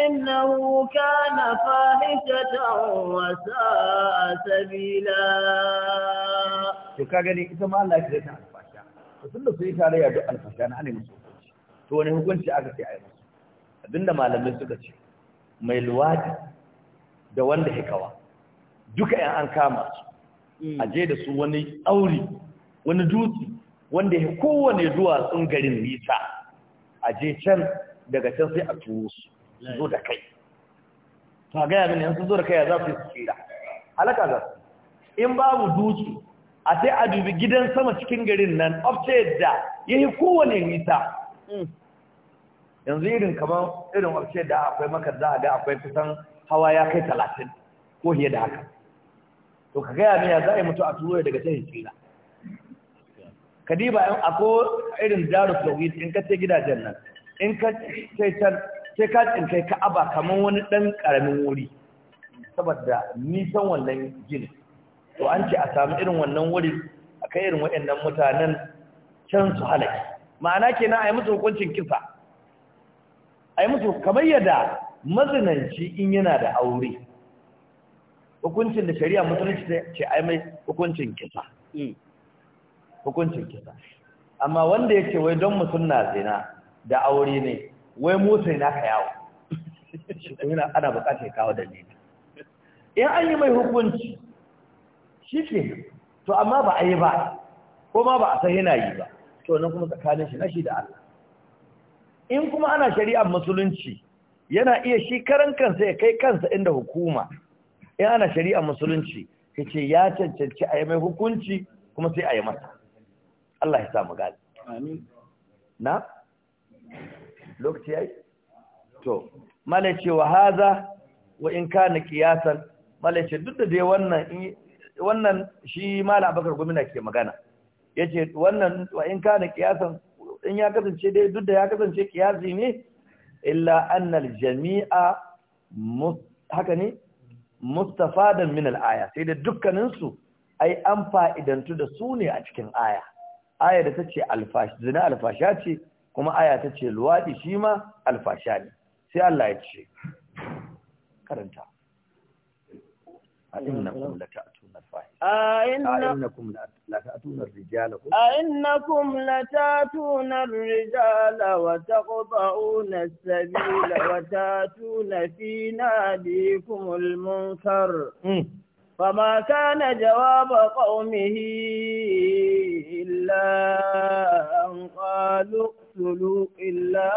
Speaker 1: إنه كان wasa
Speaker 2: وساء سبيلا to ka gani ita ma Allah ya kire ta alfasha to tun da su tarayya duk alfasha na ne musu hukunci to wani hukunci aka ce a yi abinda malamai suka ce mai luwadi da wanda ya kawa duka yan an kama su a je da su wani aure wani dutse wanda ya kowane duwatsun garin nisa a je can daga can sai a tuwo. su zo da kai to a gaya mini yanzu zo da kai za su yi su tsira halaka za su in babu duki a sai a dubi gidan sama cikin garin nan ofce da ya yi kowane nisa yanzu irin kamar irin ofce da akwai makar za a ga akwai kusan hawa ya kai talatin ko fiye da haka to ka gaya mini za a yi mutu a turo daga yi tsira kadiba a ko irin darus tawhid in ka ce gidajen nan in ka ce can sai ka tsinkai ka'aba kamar wani ɗan ƙaramin wuri saboda nisan wannan gini to an ce a samu irin wannan wuri a kai irin waɗannan mutanen can su halaki ma'ana ke a yi musu hukuncin kisa a yi musu kamar yadda mazinanci in yana da aure hukuncin da shari'a musulunci ce a yi mai hukuncin kisa mm. hukuncin kisa amma wanda ya ce wai don mutum na zina da aure ne wai musa yana ka yawo shi yana ana bukatar ya kawo dalili in an yi mai hukunci shi ke to amma ba a yi ba ko ma ba a san yana yi ba to nan kuma tsakanin shi na shi da Allah in kuma ana shari'ar musulunci yana iya shi karan kansa ya kai kansa inda hukuma in ana shari'ar musulunci ya ce ya cancanci a yi mai hukunci kuma sai a yi masa Allah ya samu gani na lokaci yayi to ce wa haza wa in kana qiyasan ce duk da dai wannan wannan shi malam abakar gumina ke magana yace wannan wa in kana qiyasan in ya kasance dai duk da ya kasance qiyasi ne illa anna al-jami'a haka ne mustafadan min al-aya sai da dukkanin su ai an fa'idantu da su ne a cikin aya aya da tace alfash zina alfasha ce kuma aya ta ce luwaɗi shi ma alfasha ne sai Allah ya ce karanta a innakum
Speaker 1: latatunar rijala wata taqta'una as-sabila wata tunafi, na nadikum al-munkar hmm. فما كان جواب قومه إلا أن قالوا اقتلوا إلا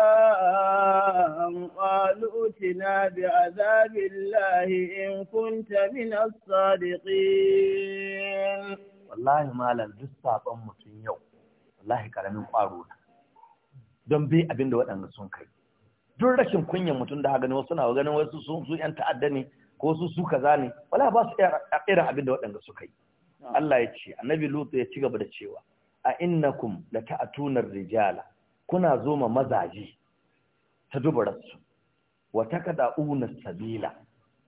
Speaker 1: أن قالوا ائتنا بعذاب الله إن كنت من
Speaker 2: الصادقين والله ما لن جسا mutum yau. wallahi karamin ƙwaro na don bi abin da waɗanda sun kai duk rashin kunyan mutum da ha gani wasu na ganin wasu sun su 'yan ta'adda ne ko su su kaza ne wala ba su irin abin da waɗanda suka yi Allah ya ce annabi lutu ya ci gaba da cewa a innakum la ta'tunar rijala kuna zoma mazaji ta dubararsu wa takada'una sabila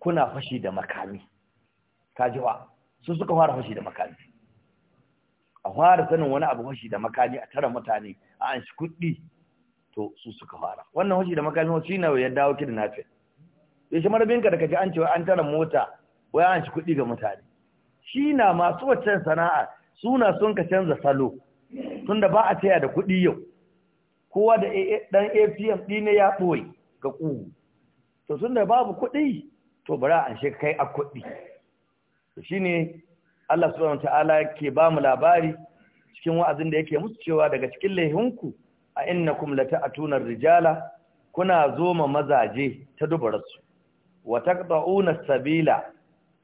Speaker 2: kuna fashi da makami kajiwa su suka fara fashi da makami a fara sanin wani abu fashi da makami a tara mutane a an shi kuɗi to su suka fara wannan fashi da makami shi ne ya dawo kidnapping ya shi marabinka da kaji an cewa an tara mota wai an ci kuɗi ga mutane shi na masu waccan sana'a suna sun ka canza salo tunda ba a taya da kuɗi yau kowa da ɗan apm ɗi ne ya ɓoye ga ƙugu to sun da babu kuɗi to bari an shi kai a kuɗi to shine Allah wani ta'ala ke ba mu labari cikin wa'azin da yake musu cewa daga cikin laihunku a kumlata inna a tunar rijala kuna zo ma mazaje ta dubararsu wa taqta'una sabila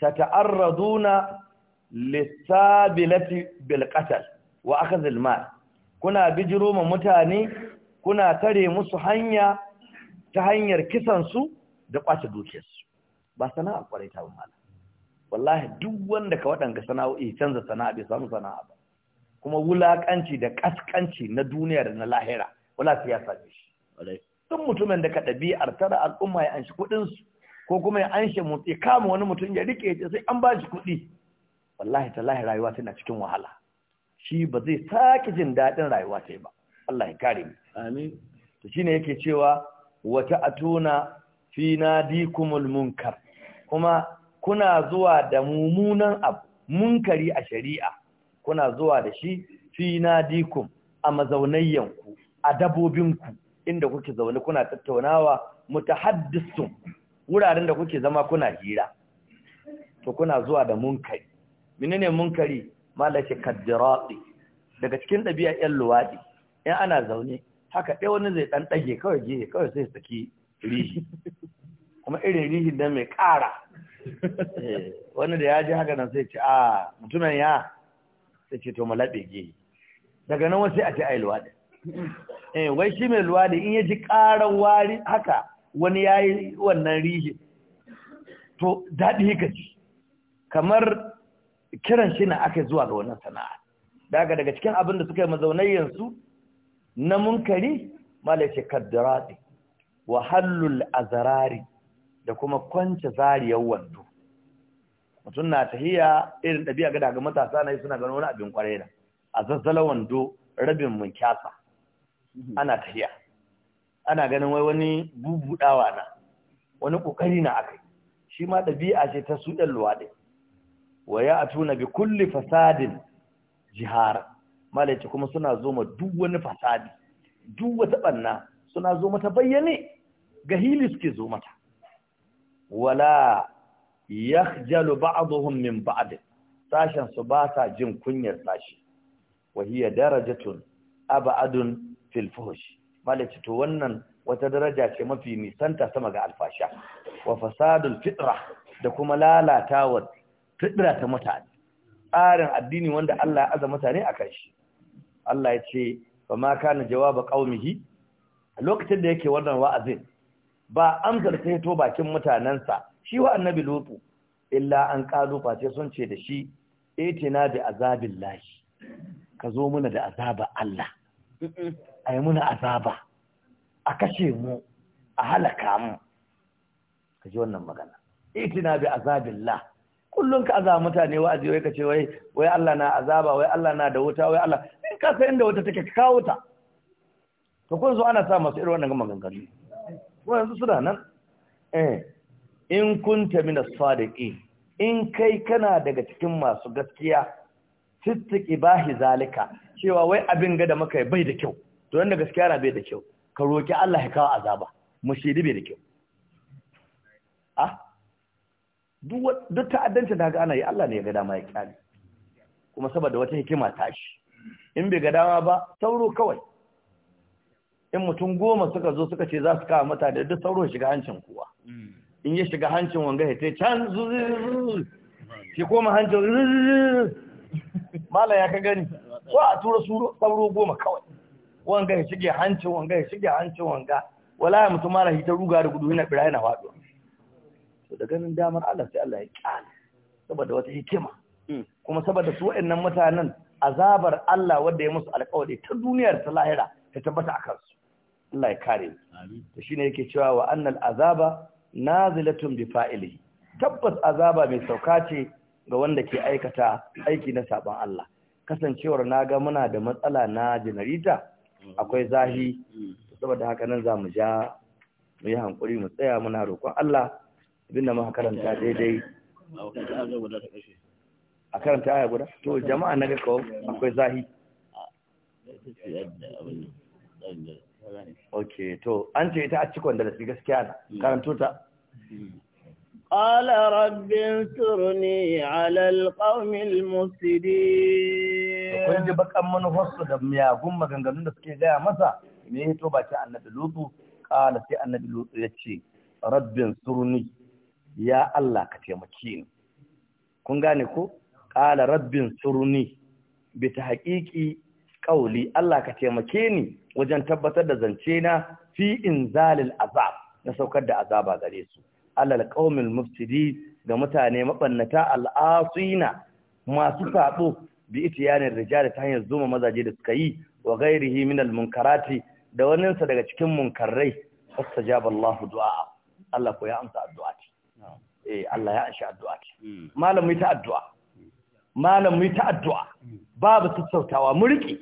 Speaker 2: tata'arraduna lisabilati bil qatl wa akhadh al mal kuna bijiro ma mutane kuna tare musu hanya ta hanyar kisan su da kwace dukiyarsu ba sana'a kwarai ta mala wallahi duk wanda ka waɗanda sana'o'i canza sana'a bai samu sana'a ba kuma wulakanci da kaskanci na duniya da na lahira wala siyasa ne shi duk mutumin da ka ɗabi'ar tara al'umma ya anshi kuɗinsu ko kuma ya anshe mutu ya kama wani mutum ya rike ya sai an ba shi kuɗi wallahi ta lahi rayuwa tana cikin wahala shi ba zai sake jin daɗin rayuwa ta ba Allah ya kare mu amin to shine yake cewa wata atuna fi nadikumul munkar kuma kuna zuwa da mummunan abu munkari a shari'a kuna zuwa da shi fi nadikum a mazaunayyanku a dabobinku inda kuke zaune kuna tattaunawa mutahaddisun wuraren da kuke zama kuna hira to kuna zuwa da munkari menene munkari malaka kadirati daga cikin ɗabi'a yan luwadi in ana zaune haka ɗaya wani zai dan dage kawai je kawai sai saki rihi kuma irin rihin dan mai ƙara eh, wani da ya ji haka nan sai ce a mutumin ya sai ce to malabe ge daga nan wasu a ce ai luwaɗi eh wai shi mai luwaɗi in ya ji karan wari haka wani ya yi wannan rihin to daɗi gaji kamar kiran shi na aka zuwa ga wannan sana'a daga daga cikin abin da suka yi mazaunayyansu na munkari malace kaddirati wa hallul zarari, da kuma kwance zariyar wando mutum na tahiya irin ɗabi'a ga daga matasa na yi suna ganin wani abin kwarai da a zazzala wando rabin munkyasa ana tahiya ana ganin wai wani bubuɗawa na wani kokari na kai. shi ma ɗabi'a ce ta su ɗan luwaɗe wa ya tuna bi kulli fasadin jihar malaci kuma suna zo ma duk wani fasadi duk wata ɓanna suna zo mata bayyane ga hili suke zo mata wala yakhjalu ba'dhum min ba'd sashen su ba sa jin kunyar sashi wa hiya darajatun ab'adun fil malaci to wannan wata daraja ce mafi nisanta sama ga alfasha wa fasadul fitra da kuma lalatawar fitra ta mutane tsarin addini wanda Allah ya aza mutane a kan Allah ya ce fa ma kana jawaba qaumihi lokacin da yake wannan wa'azin ba amsar sai to bakin mutanansa shi wa annabi lutu illa an qalu face sun ce da shi itina bi azabillahi ka zo muna da azaba Allah a yi muna azaba a kashe mu a halaka mu ka ji wannan magana na bi azabillah kullum ka azaba mutane wa'azi wai ce wai wai Allah na azaba wai Allah na da wuta wai Allah in ka san inda wuta take ka kawo ta to kun zo ana sa masu irin wannan maganganu ko yanzu suna nan eh in kunta min as-sadiqin in kai kana daga cikin masu gaskiya sittiki bahi zalika cewa wai abin ga da muka bai da kyau to wanda gaskiya na bai da kyau ka roki Allah ya kawo azaba mushidi bai da kyau a ah? duk duk ta'addancin da ga ana yi Allah ne ya ga dama ya kyale kuma saboda wata hikima ta
Speaker 1: shi
Speaker 2: in bai ga dama ba sauro kawai in mutum goma suka zo suka ce za su kawo mata da duk sauro shiga hancin kowa in ya shiga hancin wanga ya ce can shi koma hancin mala ya ka gani ko a tura sauro goma kawai wanga ya shige hancin wanga ya shige hancin wanga wala ya mutum mara hita ruga da gudu yana bira yana fado to da ganin damar Allah sai Allah ya kyale saboda wata hikima mm. kuma saboda su waɗannan mutanen azabar Allah wanda ya musu alƙawari ta duniyar ta lahira ta tabbata akan su Allah ya kare mu to shine yake cewa wa annal azaba nazilatun bi fa'ilihi tabbas azaba mai sauka ce ga wanda ke aikata aiki na saban Allah kasancewar naga muna da matsala na janarita akwai zahi saboda haka nan za mu ja mu yi hankuri mu tsaya muna roƙon Allah abin da muka karanta daidai a karanta aya guda to jama'a na ga akwai zahi ok to an ce ita a cikon da gaskiya na karanto ta
Speaker 1: قال رب انصرني
Speaker 2: على القوم المفسدين kun ji bakan manufarsu da miyagun maganganun da suke gaya masa me ya hito baki annabi lutu kala sai annabi lutu ya ce rabbin surni ya Allah ka taimake ni kun gane ko kala rabbin surni bi ta haƙiƙi ƙauli Allah ka taimake ni wajen tabbatar da zance na fi inzalil azab na saukar da azaba gare su alal qaumil mufsidi ga mutane mabannata al'asina masu sabo bi itiyanin rijal ta hanyar zuma mazaje da suka yi wa ghairihi min al munkarati da wannan sa daga cikin munkarai fastajaba Allah du'a Allah ko ya amsa addu'a eh Allah ya amsa addu'a malam mu ta addu'a malam mu ta addu'a babu sassautawa mu riki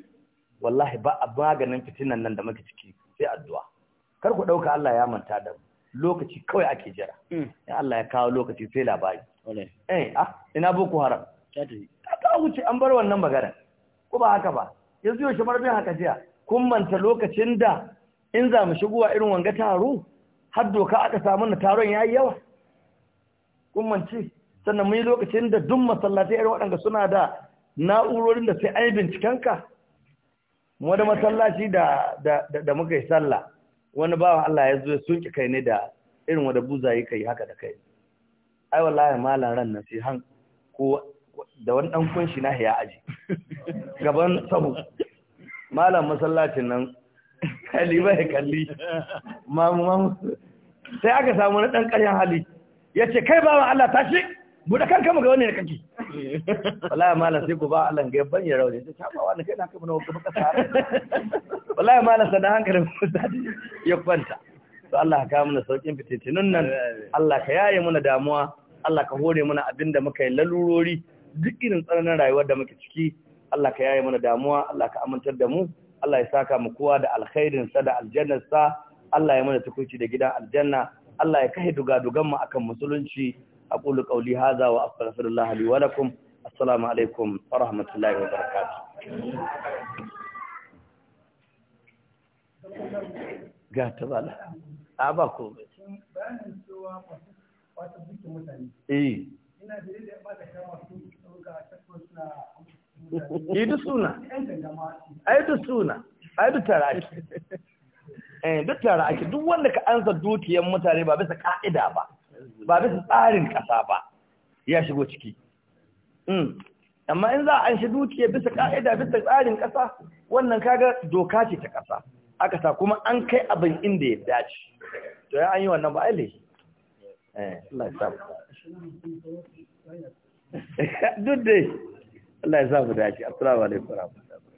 Speaker 2: wallahi ba a maganin fitinan nan da muke ciki sai addu'a kar ku dauka Allah ya manta da mu lokaci kawai ake jira Ya mm. Allah ya kawo lokaci sai labari eh ah ina boko haram ta wuce an bar wannan magana ko ba haka ba yanzu yau shamar bin haka jiya kun manta lokacin da in za mu shigowa irin wanga taro har doka aka samu na taron yayi yawa kun mance sannan mun yi lokacin da duk masallatai irin waɗanda suna da na'urorin da sai an yi bincikenka wani masallaci da muka yi sallah wani bawan Allah ya zo ya sunki kai ne da irin wanda buzaye kai haka da kai ai wallahi malan ran nan sai han ko da wani dan kunshi na haya aji gaban sabu. malam masallacin nan kalli ba ya kalli mamu mamu sai aka samu na dan ƙaryan hali yace kai bawan Allah tashi buɗe kan mu ga wani da kake wallahi malam sai ku ba Allah ga ban ya rauni ta kama wani kai na kama na gaba kasa wallahi malam sai dan hankalin mu ya kwanta to Allah ka mana saukin fititinun nan Allah ka yaye mana damuwa Allah ka hore mana abinda muka yi lalurori duk irin tsananin rayuwar da muke ciki Allah ka yaye mana damuwa Allah ka amintar da mu Allah ya saka mu kowa da alkhairin sa da aljannar sa Allah ya mana tukunci da gidan aljanna Allah ya kahe dugadugan mu akan musulunci أقول قولي هذا وأستغفر الله لي ولكم السلام عليكم ورحمة الله وبركاته gata bala a ba ko eh yi da suna ai da suna ai da taraki eh duk taraki duk wanda ka ansa dukiyar mutane ba bisa ka'ida ba ba bisa tsarin ƙasa ba ya shigo ciki mm. amma in za a shi dukiya bisa ka'ida bisa tsarin ƙasa wannan kaga doka ce ta ƙasa aka sa kuma an kai abin inda ya dace to ya an yi wannan ba aile eh, Allah ya samu duk dai Allah ya samu dace assalamu alaikum